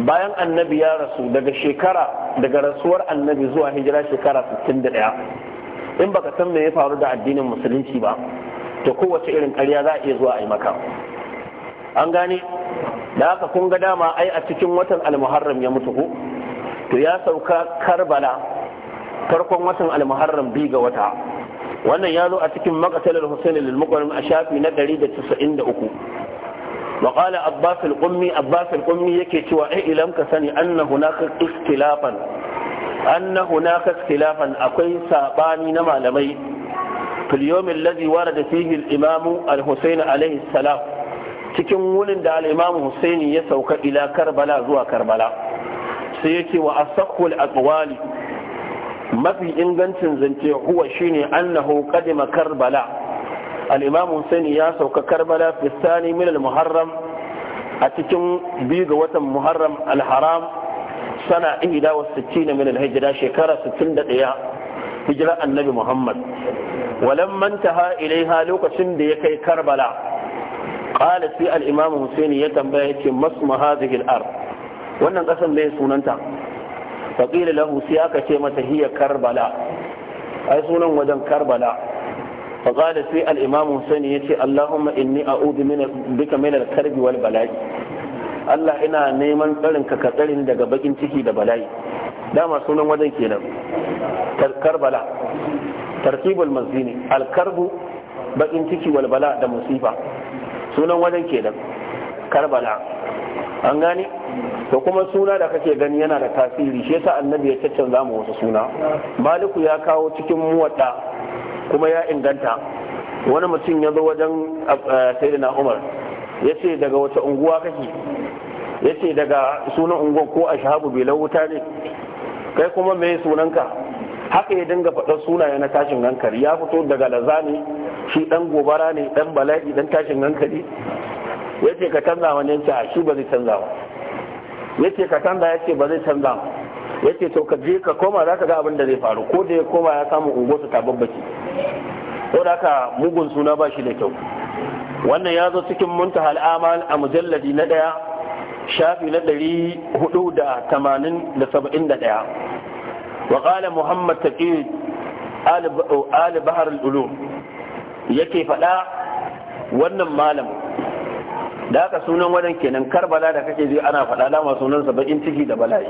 bayan annabi ya rasu daga shekara daga rasuwar annabi zuwa hijira shekara 61 in baka san me ya faru da addinin musulunci ba to kowace irin karya za a iya zuwa a yi maka an gane da aka kun ga dama ai a cikin watan almuharram ya mutu ko to ya sauka karbala farkon watan almuharram bi ga wata wannan ya zo a cikin maqtalar husaini lil a shafi na 193 Maƙala عباس القمي عباس القمي yake cewa ai ilam ka sani anna hunaka ikhtilafan anna hunaka ikhtilafan akwai sabani na malamai fil yawm alladhi warada fihi al-imam al-husayn alayhi salam cikin wunin da al'imamu husaini ya sauka ila karbala zuwa karbala sai yake wa asakul aqwali mafi ingancin zance huwa shine annahu qadima karbala al'imamu husaini ya sauka karbala fi sani min al-muharram a cikin biyu ga watan muharram al-haram sana sittin min al-hijra shekara 61 hijira annabi muhammad walamman taha ilaiha lokacin da ya kai karbala qala sai al-imam husaini ya tambaya yace masma hadhihi al-ard wannan kasan da sunanta fa qila lahu sai aka ce mata hiya karbala ai sunan wajen karbala fa qala sai al-imam husaini yace allahumma inni a'udhu bika min al-karbi wal bala'i Allah ina neman tsarin ka tsarin daga bakin ciki da bala'i dama sunan wajen kenan karbala tartibul mazini al-karbu bakin ciki wal bala da musifa sunan wajen kenan karbala an gane to kuma suna da kake gani yana da tasiri shi yasa annabi ya caccanza mu wasu suna maliku ya kawo cikin muwadda kuma ya inganta wani mutum ya zo wajen eh, sayyidina umar ya ce daga wata unguwa kake ya ce daga sunan unguwa ko a shahabu bai wuta ne kai kuma me sunanka haka ya dinga faɗar sunaye na tashin hankali ya fito daga lazani shi ɗan gobara ne ɗan bala'i ɗan tashin hankali ya ce ka canza wani yanci a shi ba zai canza ba ya ce ka canza ya ce ba zai canza ba ya ce to ka je ka koma za ka ga abin da zai faru ko da ya koma ya samu ungosu ta babbaci saboda haka mugun suna ba shi da kyau wannan ya zo cikin munta al'amal a mujalladi na daya shafi na ɗari hudu da tamanin da saba'in da ɗaya وقال محمد تقي آل بحر العلوم yake faɗa wannan malam da aka sunan wannan kenan karbala da kake ji ana faɗa Da dama sunansa bakin ciki da bala'i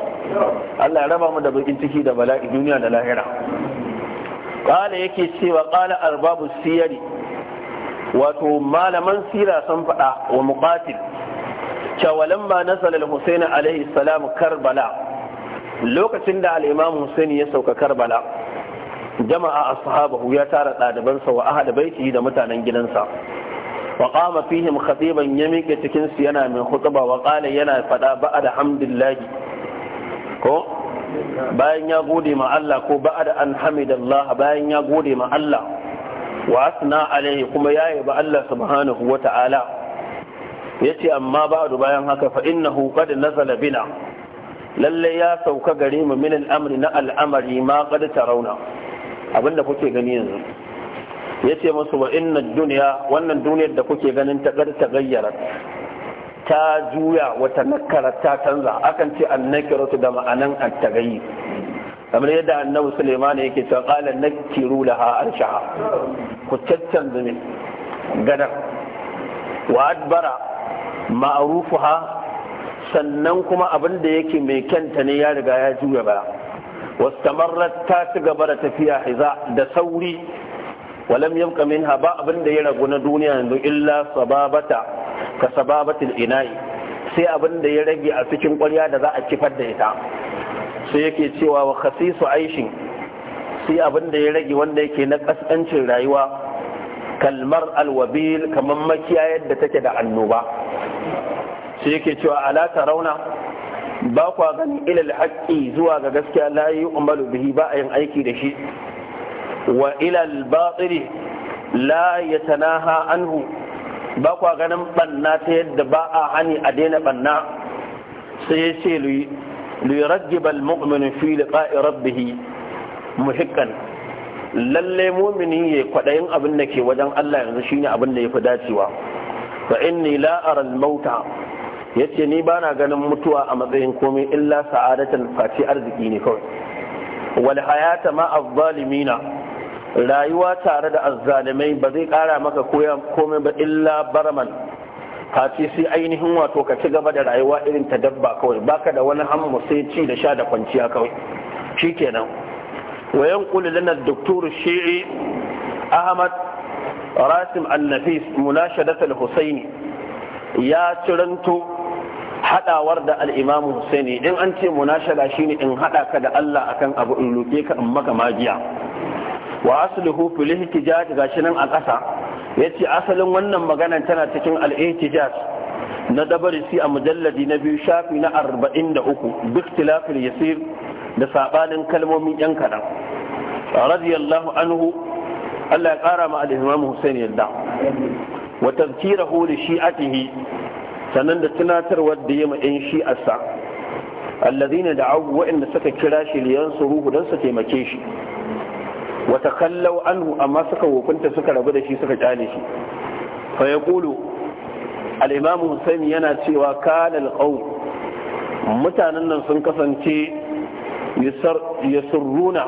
Allah ya raba mu da bakin ciki da bala'i duniya da lahira qala yake cewa qala arbabu siyari wato malaman sira sun faɗa wa muqatil cewa lamma nasala al-husayn alaihi salam karbala lokacin da al'imamu Hussein ya sauka Karbala jama'a a ashabahu ya tara ɗalibansa wa ahli baiti da mutanen gidansa wa qama fihim khatiban ya miƙe cikinsu yana mai khutba wa qala yana fada ba alhamdulillah ko bayan ya gode ma Allah ko da bayan ya gode ma Allah wa asna alaihi kuma ya ba Allah subhanahu wa ta'ala yace amma ba'du bayan haka fa innahu qad nazala bina lalle ya sauka gare mu min al'amri na al'amari ma qad tarawna abinda kuke gani yanzu yace musu wa inna dunya wannan duniyar da kuke ganin ta qad gayyara. ta juya wata nakara ta canza akan ce annakiratu da ma'anan at-tagayyi kamar yadda annabi Sulaiman yake cewa qala nakiru laha arsha ku caccan zumin gadar wa adbara ma'rufuha sannan kuma abin da yake mai kyanta ne ya riga ya juya ba wastamarrat ta ci gaba da tafiya hiza da sauri walam yamka minha ba abin da ya ragu na duniya yanzu illa sababata ka sababatil ina'i sai abin da ya rage a cikin ƙwarya da za a kifar da ita sai yake cewa wa khasisu aishin sai abin da ya rage wanda yake na kasancin rayuwa kalmar alwabil kamar makiya yadda take da annoba sai yake cewa ala rauna ba kwa gani ilal haqqi zuwa ga gaskiya layi umaru bihi ba a yin aiki da shi wa ilal batili la yatanaha anhu ba kwa ganin banna ta yadda ba a hani a daina banna sai ya ce liyarajjiba al-mu'minu fi liqa'i rabbih muhiqqan lalle mu'mini ya kwadayin abin da ke wajen Allah yanzu shine abin da yafi dacewa fa inni la ara al-mauta ya ce ni ba na ganin mutuwa a matsayin komai illa sa'adatan Fati arziki ne kawai wal hayata ma azzalimina rayuwa tare da azzalimai ba zai kara maka koya komai ba illa barman Fati sai ainihin wato ka ci gaba da rayuwa irin ta dabba kawai baka da wani hammu sai ci da sha da kwanciya kawai shikenan wayan yanqulu lana ad-doktor shi'i ahmad rasim annafis nafis munashadat al-husaini ya ciranto hadawar da al'imamu Husaini in an ce shi shine in hada ka da Allah akan abu in luke ka in maka magiya wa asluhu fil ihtijaj gashi nan a ƙasa yace asalin wannan magana tana cikin al-ihtijaj na dabarisi a mujalladi na biyu shafi na 43 Duk tilafin yasir da sabanin kalmomin yan kadan radiyallahu anhu Allah ya kara ma al-Imam Husaini yadda wa tazkirahu li shi'atihi sannan da tunatarwar da ya ma'in shi a sa allazina da abu waɗanda suka kira shi liyan su ruhu don su taimake shi wata kallau anhu amma suka hukunta suka rabu da shi suka kyale shi fa ya kulu al'imamu husaini yana cewa kalal ƙau mutanen nan sun kasance yasurruna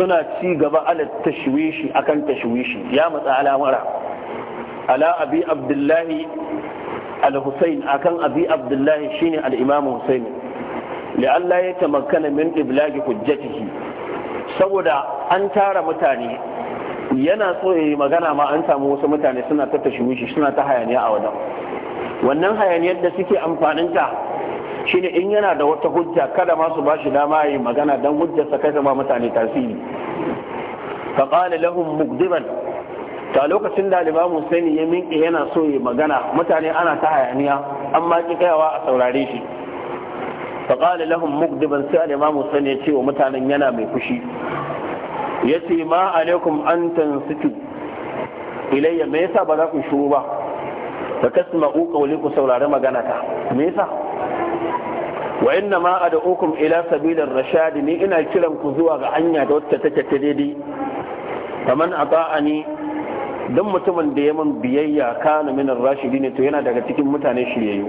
suna ci gaba ala tashwishi akan tashwishi ya matsa alamara ala abi abdullahi al-Husayn akan Abi Abdullahi shine al-Imam Husayn la'alla ya tamakkana min iblagi hujjatihi saboda an tara mutane yana so yayi magana ma an samu wasu mutane suna ta tashwishi suna ta hayaniya a wajen wannan hayaniyar da suke amfanin ta shine in yana da wata hujja kada ma su bashi dama yi magana dan hujjarsa kai ma mutane tasiri fa qala lahum mukdiban ta lokacin da Imam Hussein ya minke yana so ya magana mutane ana ta hayaniya an ma ki kayawa a saurare shi fa qala lahum mukdiban sai Imam Hussein ya ce wa mutanen yana mai fushi yace ma alaikum an tansitu ilayya me yasa ba za ku shiru ba fa tasma'u qawli ku saurari magana ta me yasa wa inna ma ad'ukum ila sabilir rashad ni ina kiran ku zuwa ga hanya da wacce take ta daidai faman ata'ani don mutumin da ya min biyayya kana min rashidi ne to yana daga cikin mutane shiryayyu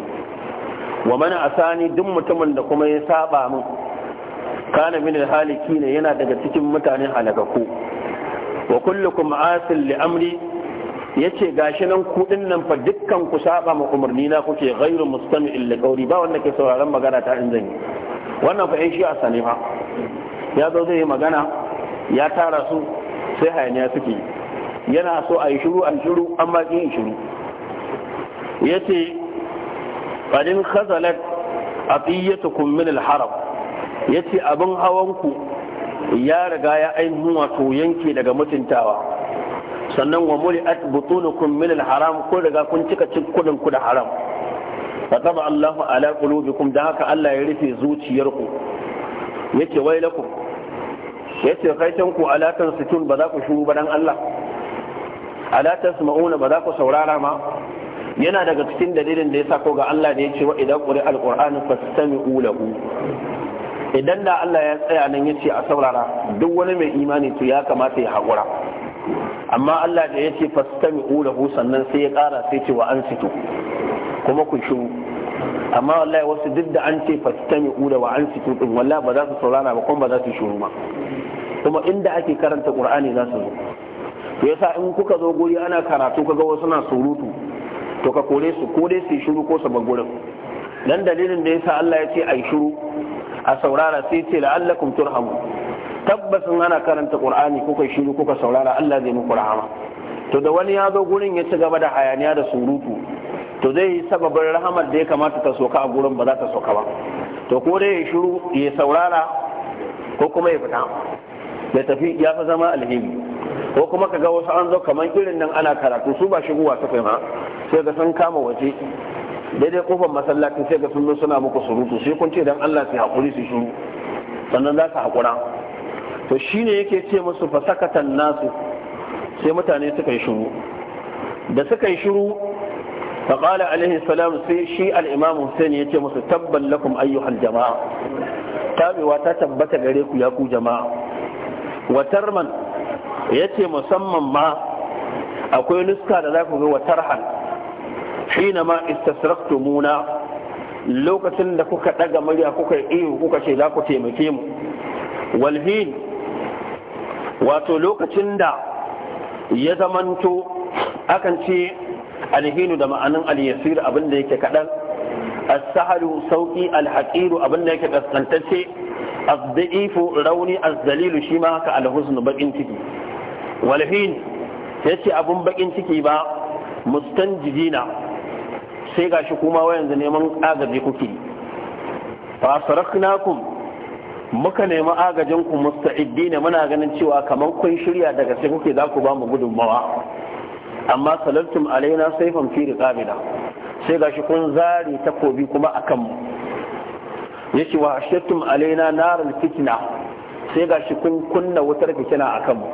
wa mana asani duk mutumin da kuma ya saba min kana min haliki ne yana daga cikin mutane halakaku wa kullukum asil li amri yace gashi nan kuɗin nan fa dukkan ku saba ma umarni na kuke ghairu mustami'in li qawli ba wanda ke sauraron magana ta in wannan fa ai shi a ba. ya zo zai yi magana ya tara su sai hayaniya suke yana so a yi shiru a shiru an ma yin shiru ya ce ƙadin khazalat a tsiyyatukun min alharam ya ce abin hawanku ya riga ya ainihin wato yanke daga mutuntawa sannan wa muli'at butunukum min alharam ko riga kun cika kudin ku da haram fa taba Allahu ala qulubikum da haka Allah ya rufe zuciyarku yace wailakum yace kaitan ku alatan sutun ba za ku shuru ba dan Allah ala tasma'una ba za ku saurara ma yana daga cikin dalilin da ya sa ko ga Allah da ya ce wa idan quri alqur'anu fastami'u lahu idan da Allah ya tsaya nan ya ce a saurara duk wani mai imani to ya kamata ya haƙura amma Allah da ya ce fastami'u lahu sannan sai ya ƙara sai ce wa ansitu kuma ku shiru amma wallahi wasu duk da an ce fastami'u da wa ansitu din wallahi ba za su saurara ba kuma ba za su shiru ma? kuma inda ake karanta qur'ani za su zo yasa in kuka zo guri ana karatu kaga wasu na surutu to ka kore su ko dai su shiru ko su gurin dan dalilin da yasa Allah ya ce ai shiru a saurara sai ce la'allakum turhamu tabbasin ana karanta qur'ani kuka shiru kuka saurara Allah zai muku rahama to da wani ya zo gurin ya ci gaba da hayaniya da surutu to zai yi sababin rahamar da ya kamata ta soka a gurin ba za ta soka ba to ko dai ya shiru ya saurara ko kuma ya fita ya tafi ya fi zama alheri ko kuma ka ga wasu an zo kamar irin nan ana karatu su ba shigowa suka yi ma sai ga sun kama waje daidai kofar masallacin sai ga sun zo suna muku surutu sai kun ce dan Allah su haƙuri su shiru sannan za su haƙura to shine yake ce musu fasakatan nasu sai mutane suka yi shiru da suka yi shiru فقال عليه السلام سي شي الامام حسين يتي مس تبا لكم ايها الجماعه تابوا تتبت غريكو ku كو جماعه وترمن ya ce musamman ma akwai nuska da za ku ga watar hal shi na ma istasraktu muna lokacin da kuka ɗaga murya kuka yi iyo kuka ce za ku taimake mu walhin wato lokacin da ya zamanto akan ce alhinu da ma'anin alyasir abin da yake kaɗan as-sahalu sauki al-haqiru abin da yake kaskantacce az-da'ifu rauni az-zalilu shi ma haka al-huzn walhin ya ce abun bakin ciki ba mustanjidina sai gashi kuma wa yanzu neman agaji kuke fa saraknakum muka nemi agajin ku musta'iddina muna ganin cewa kamar kun shirya daga sai kuke za ku ba mu gudunmawa amma salaltum alaina saifan fi riqabina sai gashi kun zare takobi kuma akan mu yace wa ashtum alaina naral fitna sai gashi kun kunna wutar fitina akan mu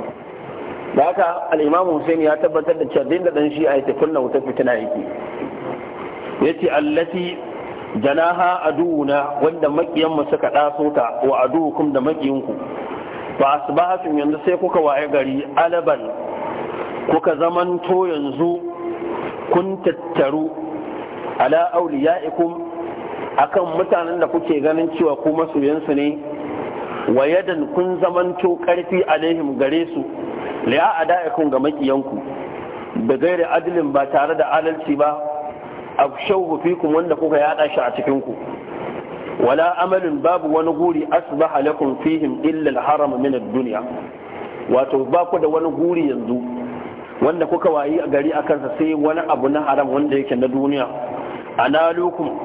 da haka al'imamu Hussein ya tabbatar da cardin da dan shi a yake kunna wuta fitina yake yace allati janaha aduna wanda makiyanmu suka ɗaso ta wa adukum da makiyinku ba hasin yanzu sai kuka waye gari alaban kuka to yanzu kun tattaru ala auliya'ikum akan mutanen da kuke ganin cewa ku masoyansu ne wa yadan kun zamanto karfi alaihim gare su li'a adaikun ga makiyanku da gairi adilin ba tare da adalci ba a shauhu fikum wanda kuka yada shi a cikin ku wala amalin babu wani guri asbaha lakum fihim illa haram min ad-dunya wato ba ku da wani guri yanzu wanda kuka wayi a gari akan sa sai wani abu na haram wanda yake na duniya analukum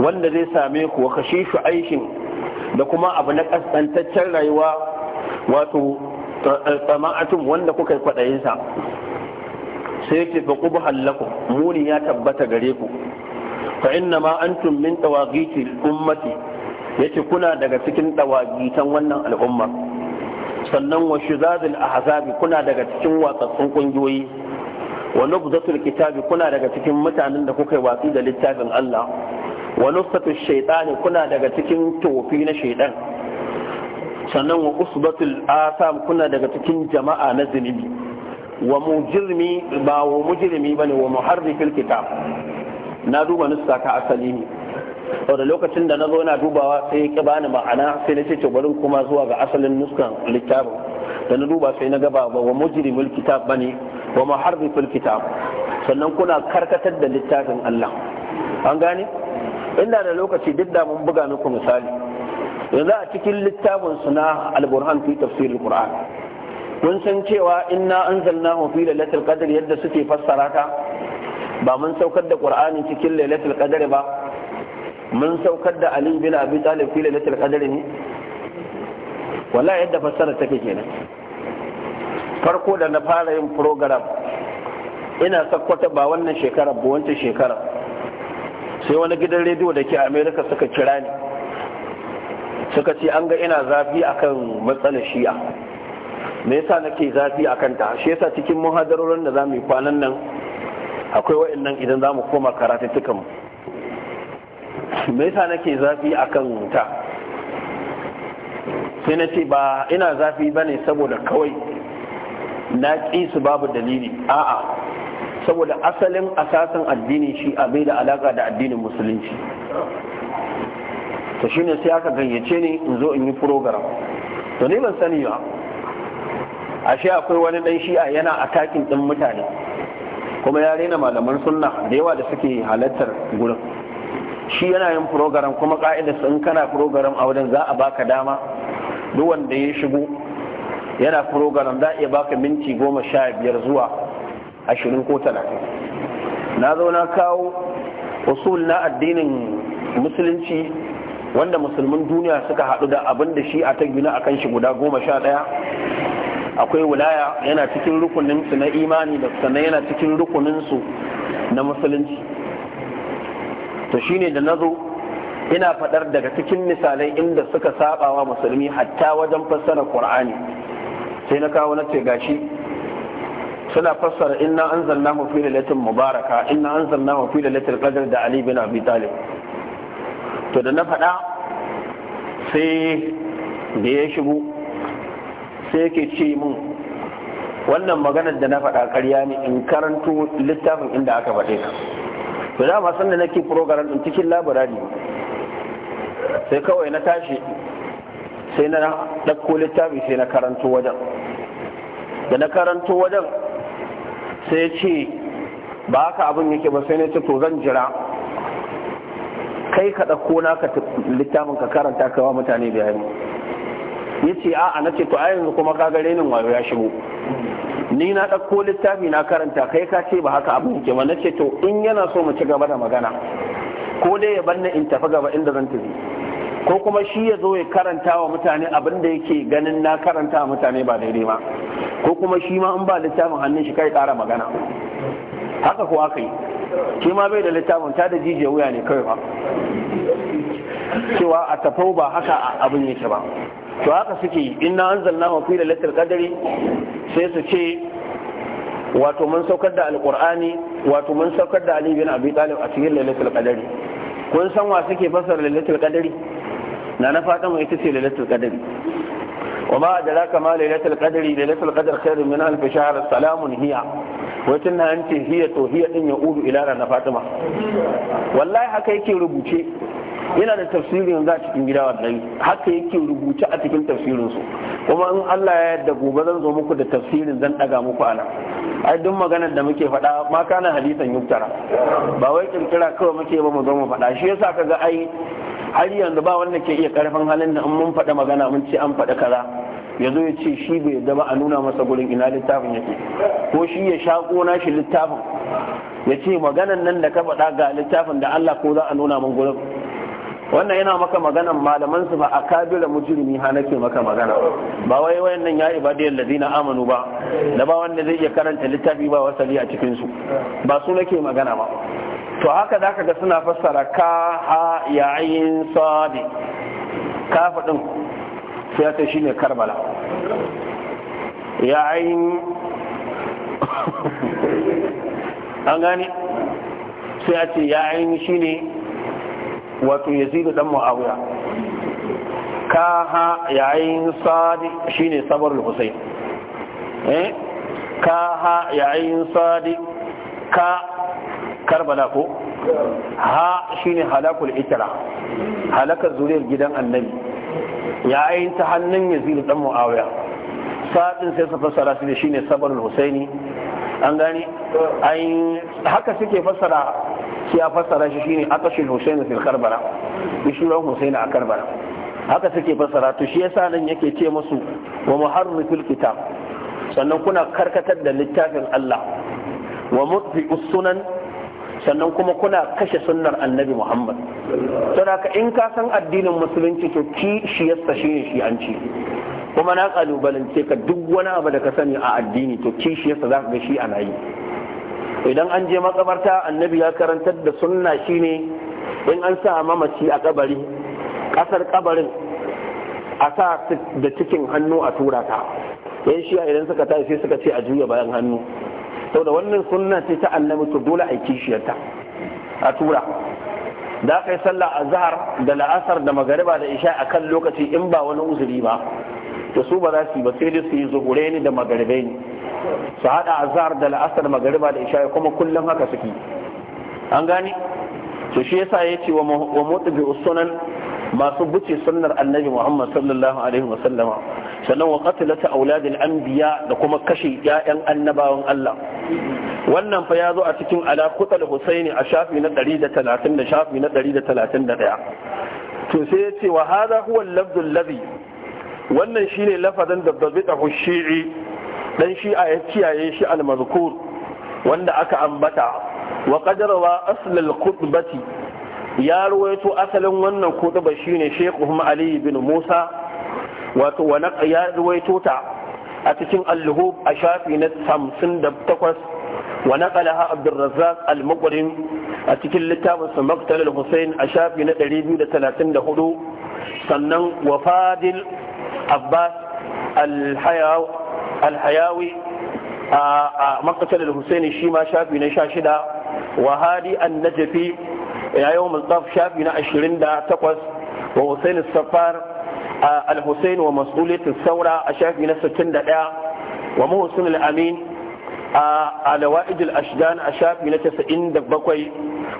wanda zai same ku wa kashishu aishin da kuma abu na kasantaccen rayuwa wato tsama'atun wanda kuka yi kwaɗayinsa sai ce fa kubu hallaku muni ya tabbata gare ku fa inna ma antum min tawagiti ummati yace kuna daga cikin tawagitan wannan al'umma sannan wa a ahzabi kuna daga cikin watsattun ƙungiyoyi? wa nubzatul kitabi kuna daga cikin mutanen da kuka yi watsi da littafin Allah wa nufsatu shaytani kuna daga cikin tofi na shaytan sannan wa usbatul asam kuna daga cikin jama'a na zunubi wa mujrimi ba wa mujrimi bane wa muharrifil kitab na duba nuska ka asali ne da lokacin da na zo na dubawa sai ya bani ma'ana sai na ce bari kuma zuwa ga asalin nuskan littafin da na duba sai na gaba ba wa mujrimul kitab bane wa muharrifil kitab sannan kuna karkatar da littafin Allah an gane inda da lokaci duk da mun buga muku misali yanzu a cikin littafin suna alburhan burhan fi tafsir al-qur'an mun san cewa inna anzalnahu fi lailatul qadr yadda suke fassara ta ba mun saukar da qur'ani cikin lailatul qadr ba mun saukar da ali bin abi talib fi lailatul qadr ne wallahi yadda fassara take kenan farko da na fara yin program ina sakwata ba wannan shekarar ba wancan shekarar sai wani gidan rediyo da ke amerika suka kira ni suka ce an ga ina zafi akan matsalar shi'a me yasa nake zafi akan ta shi yasa cikin muhadarorin da zamu yi kwanan nan akwai wa'annan idan zamu koma karatuttukan mu me yasa nake zafi akan ta sai na ce ba ina zafi bane saboda kawai na ƙi su babu dalili a'a saboda asalin asasin addini shi a bai da alaka da addinin musulunci to shine sai aka gayyace ni in zo in yi program to ni ban sani ba ashe akwai wani dan shi'a yana atakin din mutane kuma ya rena malaman sunna da yawa da suke halartar gurin shi yana yin program kuma ka'idarsa in kana program a wajen za a baka dama duk wanda ya shigo yana program za a iya baka minti goma sha biyar zuwa ashirin ko talatin na zo na kawo usul na addinin musulunci wanda musulmin duniya suka haɗu da abin da shi a ta gina akan shi guda goma sha ɗaya akwai wilaya yana cikin rukuninsu na imani da sannan yana cikin rukuninsu na musulunci to shine da nazo ina faɗar daga cikin misalai inda suka sabawa musulmi hatta wajen fassara qur'ani sai na kawo na ce gashi suna fassara inna anzalnahu fi lailatin mubaraka inna anzalnahu fi lailatul qadr da ali bin abi talib to da na faɗa sai da ya shigo sai yake ce mun wannan maganar da na faɗa karya ne in karanto littafin inda aka faɗe ka to da san da nake program ɗin cikin labarari sai kawai na tashi sai na ɗauko littafi sai na karanto wajen da na karanto wajen sai ce ba haka abin yake ba sai ne ce to zan jira kai ka ɗauko naka littafin ka karanta kawa mutane bayani ya ce a'a na ce to a yanzu kuma ka gare ni wayo ya shigo ni na ɗauko littafi na karanta kai ka ce ba haka abin ke ba na ce to in yana so mu ci gaba da magana ko dai ya banna in tafi gaba inda zan tafi ko kuma shi ya zo ya karanta wa mutane abin da yake ganin na karanta wa mutane ba daidai ba ko kuma shi ma in ba littafin hannun shi kai kara magana haka kuwa aka yi shi ma bai da littafin ta da jijiya wuya ne kawai ba cewa a tafau ba haka abin yake ba to haka suke yi inna anzalna wa fi littar kadari sai su ce wato mun saukar da Alƙur'ani, wato mun saukar da ali bin abi talib a cikin lailatul kadari kun san wa suke fasar lailatul kadari na na mai ita ce kadari wa ma أدراك ما ليلة القدر ليلة القدر خير من ألف شهر salamun hiya. wacin na an ce hiya to hiya din ya udu ilara na fatima wallahi haka yake rubuce yana da tafsirin yanzu a cikin gida wallahi haka yake rubuce a cikin tafsirin su kuma in Allah ya yadda gobe zan zo muku da tafsirin zan daga muku ana ai duk maganar da muke faɗa ma kana hadisan yuktara ba wai kirkira kawai muke ba mu zo mu faɗa shi yasa ga ai har yanzu ba wanda ke iya karfin halin da in mun faɗa magana mun ce an faɗa kaza ya zo ya ce shi bai yadda a nuna masa gurin ina littafin yake ko shi ya shaƙo na shi littafin ya ce maganan nan da ka faɗa ga littafin da Allah ko za a nuna min gurin wannan yana maka maganan malaman su ba a kabira mujrimi ha nake maka magana ba wai wayannan ya ibadiyal ladina amanu ba da ba wanda zai iya karanta littafi ba wasali a cikin su ba su nake magana ba to haka zaka ga suna fassara ka ha ya ayin sadi ka faɗin sai ya shi ne karbala ya ainihin an gane sai ya ce ya ainihin ne, wato yazidu dan mu'awiya kaha yayin sadi shine sabar al-husayn eh kaha yayin sadi ka karbala ko ha shi ne halakul itra halakar zuriyar gidan annabi yayin ta hannun yazid dan muawiya sa'adin sai su fassara shi shine sabar husaini an gani haka suke fassara shi ya fassara shi shine atashin husaini fil karbala bishiran husaini a karbala haka suke fassara to shi yasa nan yake ce musu wa muharrifil kitab sannan kuna karkatar da littafin Allah wa mutfi sunan sannan kuma kuna kashe sunnar annabi muhammad haka in ka san addinin musulunci to ki shi yasta shi ne shi an ci kuma na kalubalance ka duk wani abu da ka sani a addini to ki shi yasta za ka ga shi ana yi idan an je makabarta annabi ya karantar da sunna shine in an sa mamaci a kabari kasar kabarin a sa da cikin hannu a tura ta yan shi idan suka tashi sai suka ce a juya bayan hannu da wannan sunna sai ta annabi to dole a kishiyarta a tura da aka sallah a zahar da la'asar da magariba da isha a kan lokaci in ba wani uzuri ba to su ba za su yi ba sai dai su yi zuhure ne da magaribai ne su haɗa a zahar da la'asar da magariba da isha kuma kullum haka suke an gane to shi yasa ya ce wa motsa bi usunan masu buce sunnar annabi Muhammad sallallahu alaihi wa sallama sannan wa qatlata auladil anbiya da kuma kashe ƴaƴan annabawan Allah wannan fa ya zo a cikin ala kutal husaini a shafi na 130 da shafi na 131 to sai ya ce wa hadha huwa al-lafdhu alladhi wannan shine lafazin da dabita shi'i dan shi'a ya kiyaye shi al-mazkur wanda aka ambata wa qadara wa asl al-khutbati ya ruwaito asalin wannan kutuba shine Sheikh Umar Ali bin Musa wato wa ya ruwaito ta a cikin Al-Luhub a shafi na 58 wa naqalaha Abdul Razzaq Al-Muqrin a cikin littafin sa Maqtal Al-Husayn a shafi na 234 sannan wa Fadil Abbas Al-Hayawi a Maqtal Al-Husayn shi ma shafi na 16 wa Hadi An-Najfi ya yau shafi na 28 wa husain safar al-husain wa mas'uliyatus saura a shafi na 61 wa muhsin al-amin a lawa'id al-ashdan a shafi na 97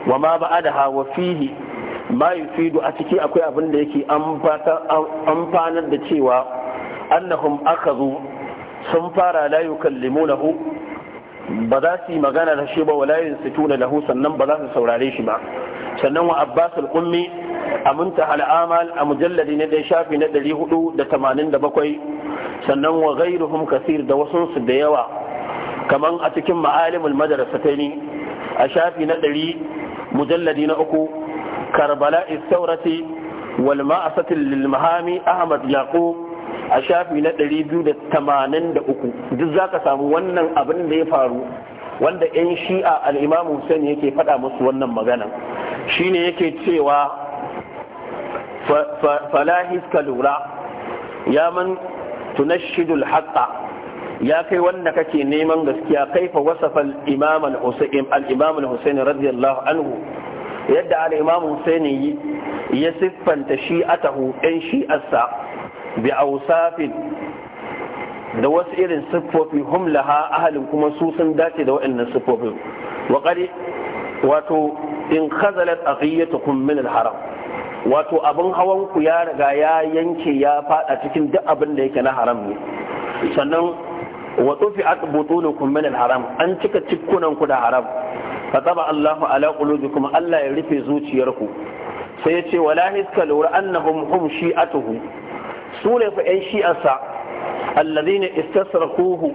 wa ma ba'adaha wa fihi ma yufidu a ciki akwai abin da yake amfanar da cewa annahum akazu sun fara la yukallimunahu ba za su yi magana da shi ba wa wala tuna lahu sannan ba za su saurare shi ba sannan wa abbas al-qummi a muntaha al-amal a mujalladi na dai shafi na 487 sannan wa ghayruhum kaseer da wasu su da yawa kaman a cikin ma'alimul ni, a shafi na 100 mujalladi na uku karbala al-thawrati wal ma'asati lil mahami ahmad yaqub a shafi na 283 duk za ka samu wannan abin da ya faru wanda 'yan shi'a al'imam Hussein yake faɗa musu wannan magana shine yake cewa falahis ka lura ya man tunashidul haƙa ya kai wanda kake neman gaskiya kaifa wasafa al-imam al-hussein radiyallahu anhu yadda alimam Hussein ya siffanta shi'atahu 'yan shi'arsa bi ausafin da wasu irin siffofi hum laha ahalin kuma su sun dace da waɗannan siffofin wa wato in khazalat aqiyatukum min al-haram wato abin hawan ku ya riga ya yanke ya fada cikin duk abin da yake na haram ne sannan wa tufi butunukum min al-haram an cika cikkunan ku da haram fa taba Allahu ala qulubikum Allah ya rufe zuciyarku sai ya ce wala hiskalu annahum hum shi'atuhu su ne fa yan shi'arsa allazina istasrakuhu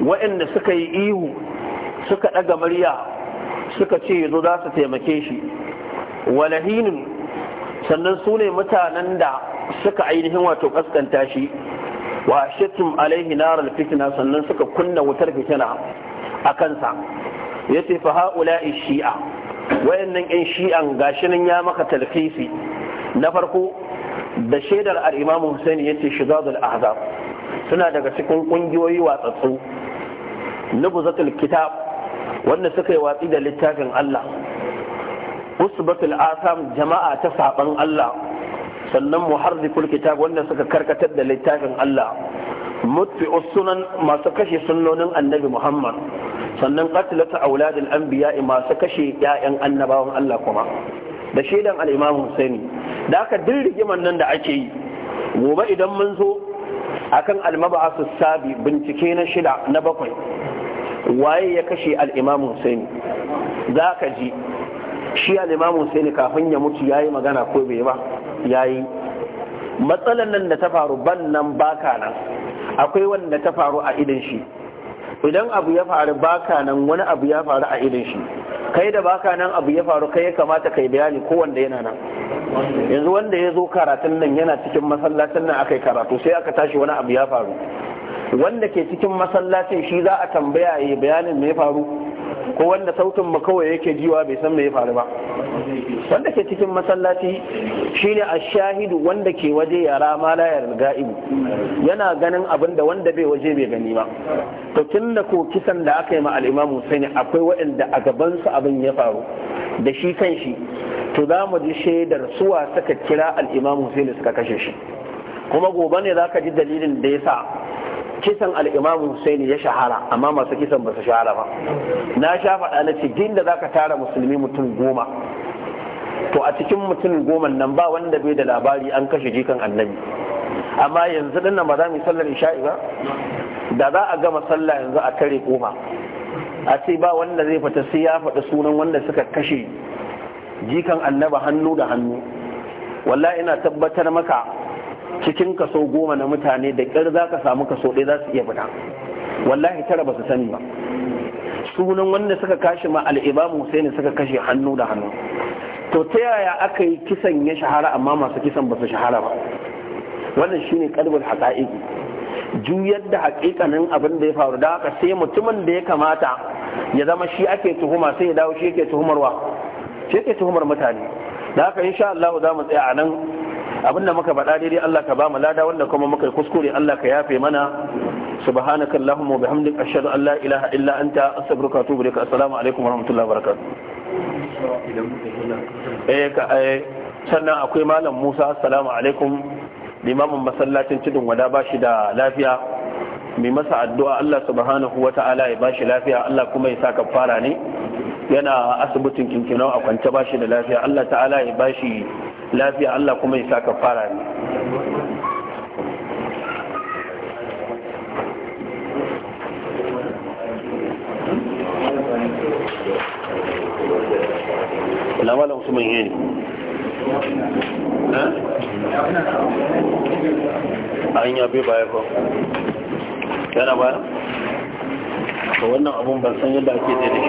wa'anda suka yi ihu suka daga murya suka ce yazo za su taimake shi walahinin sannan su ne mutanen da suka ainihin wato kaskanta shi wa shatum alaihi naral fitna sannan suka kunna wutar fitina a kansa yace fa haula'i shi'a wayannan yan shi'an gashi ya maka talfisi na farko da shaidar al-imam ya ce shizadul ahzab suna daga cikin ƙungiyoyi watsatsu nubuzatul kitab wanda suka yi watsi da littafin Allah usbatul asam jama'a ta saɓan Allah sannan muharriful kitab wanda suka karkatar da littafin Allah mutfi sunan masu kashe sunnonin annabi Muhammad sannan qatlata auladul anbiya masu kashe 'ya'yan annabawan Allah kuma da shaidan al Sani. da aka duk rigiman nan da ake yi gobe idan mun zo akan su sabi bincike na shida na bakwai waye ya kashe al'imam Hussein za ka ji shi al'imam husaini kafin ya mutu yayi magana ko bai ba yayi matsalan nan da ta faru ban nan baka nan akwai wanda ta faru a idan shi idan abu ya faru baka nan wani abu ya faru a irin shi kai da baka nan abu ya faru kai ya kamata kai bayani ko wanda yana nan yanzu wanda ya zo karatun nan yana cikin masallacin nan akai karatu sai aka tashi wani abu ya faru wanda ke cikin masallacin shi za a tambaya ya bayanin me ya faru ko wanda sautin mu kawai yake jiwa bai san me ya faru ba wanda ke cikin masallaci shine ashahidu wanda ke waje yara ma la yarga'ibu yana ganin abin da wanda bai waje bai gani ba to tunda ko kisan da aka yi ma al-Imam akwai waɗanda a gaban su abin ya faru da shi kan shi to za mu ji shaidar suwa suka kira al sai Husaini suka kashe shi kuma gobe ne zaka ji dalilin da yasa kisan al'imamu husaini ya shahara amma masu kisan ba su shahara ba na sha faɗa na ce din da za ka tara musulmi mutum goma to a cikin mutum goma nan ba wanda bai da labari an kashe jikan annabi amma yanzu dinnan ba za mu sallar isha'i ba da za a gama sallah yanzu a kare goma a ce ba wanda zai fita sai ya faɗi sunan wanda suka kashe jikan annaba hannu da hannu wallahi ina tabbatar maka cikin kaso goma na mutane da ƙyar za ka samu kaso ɗaya za su iya fita wallahi tara ba su sani ba sunan wanda suka kashe ma sai ne suka kashe hannu da hannu to ta yaya aka yi kisan ya shahara amma masu kisan ba su shahara ba wannan shine kalbul haqa'iqi juyar da haƙiƙanin abin da ya faru da haka sai mutumin da ya kamata ya zama shi ake tuhuma sai ya dawo shi yake tuhumarwa shi yake tuhumar mutane da haka insha Allah za mu tsaya a nan abinda muka faɗa daidai Allah ka ba mu lada wanda kuma muka yi kuskure Allah ka yafe mana subhanaka allahumma wa bihamdik ashhadu an la ilaha illa anta astaghfiruka wa atubu ilaik assalamu alaikum wa rahmatullahi wa barakatuh eh ka eh sannan akwai malam Musa assalamu alaikum limamin masallacin tudun wada ba shi da lafiya mai masa addu'a Allah subhanahu wa ta'ala ya bashi lafiya Allah kuma ya sa kafara ne yana asibitin kinkinau a kwance bashi da lafiya Allah ta'ala ya bashi lafiya Allah kuma ya sa ka fara ne lamala usman yi ne an yabe baya ko yana baya to wannan abun ban san yadda ake daidai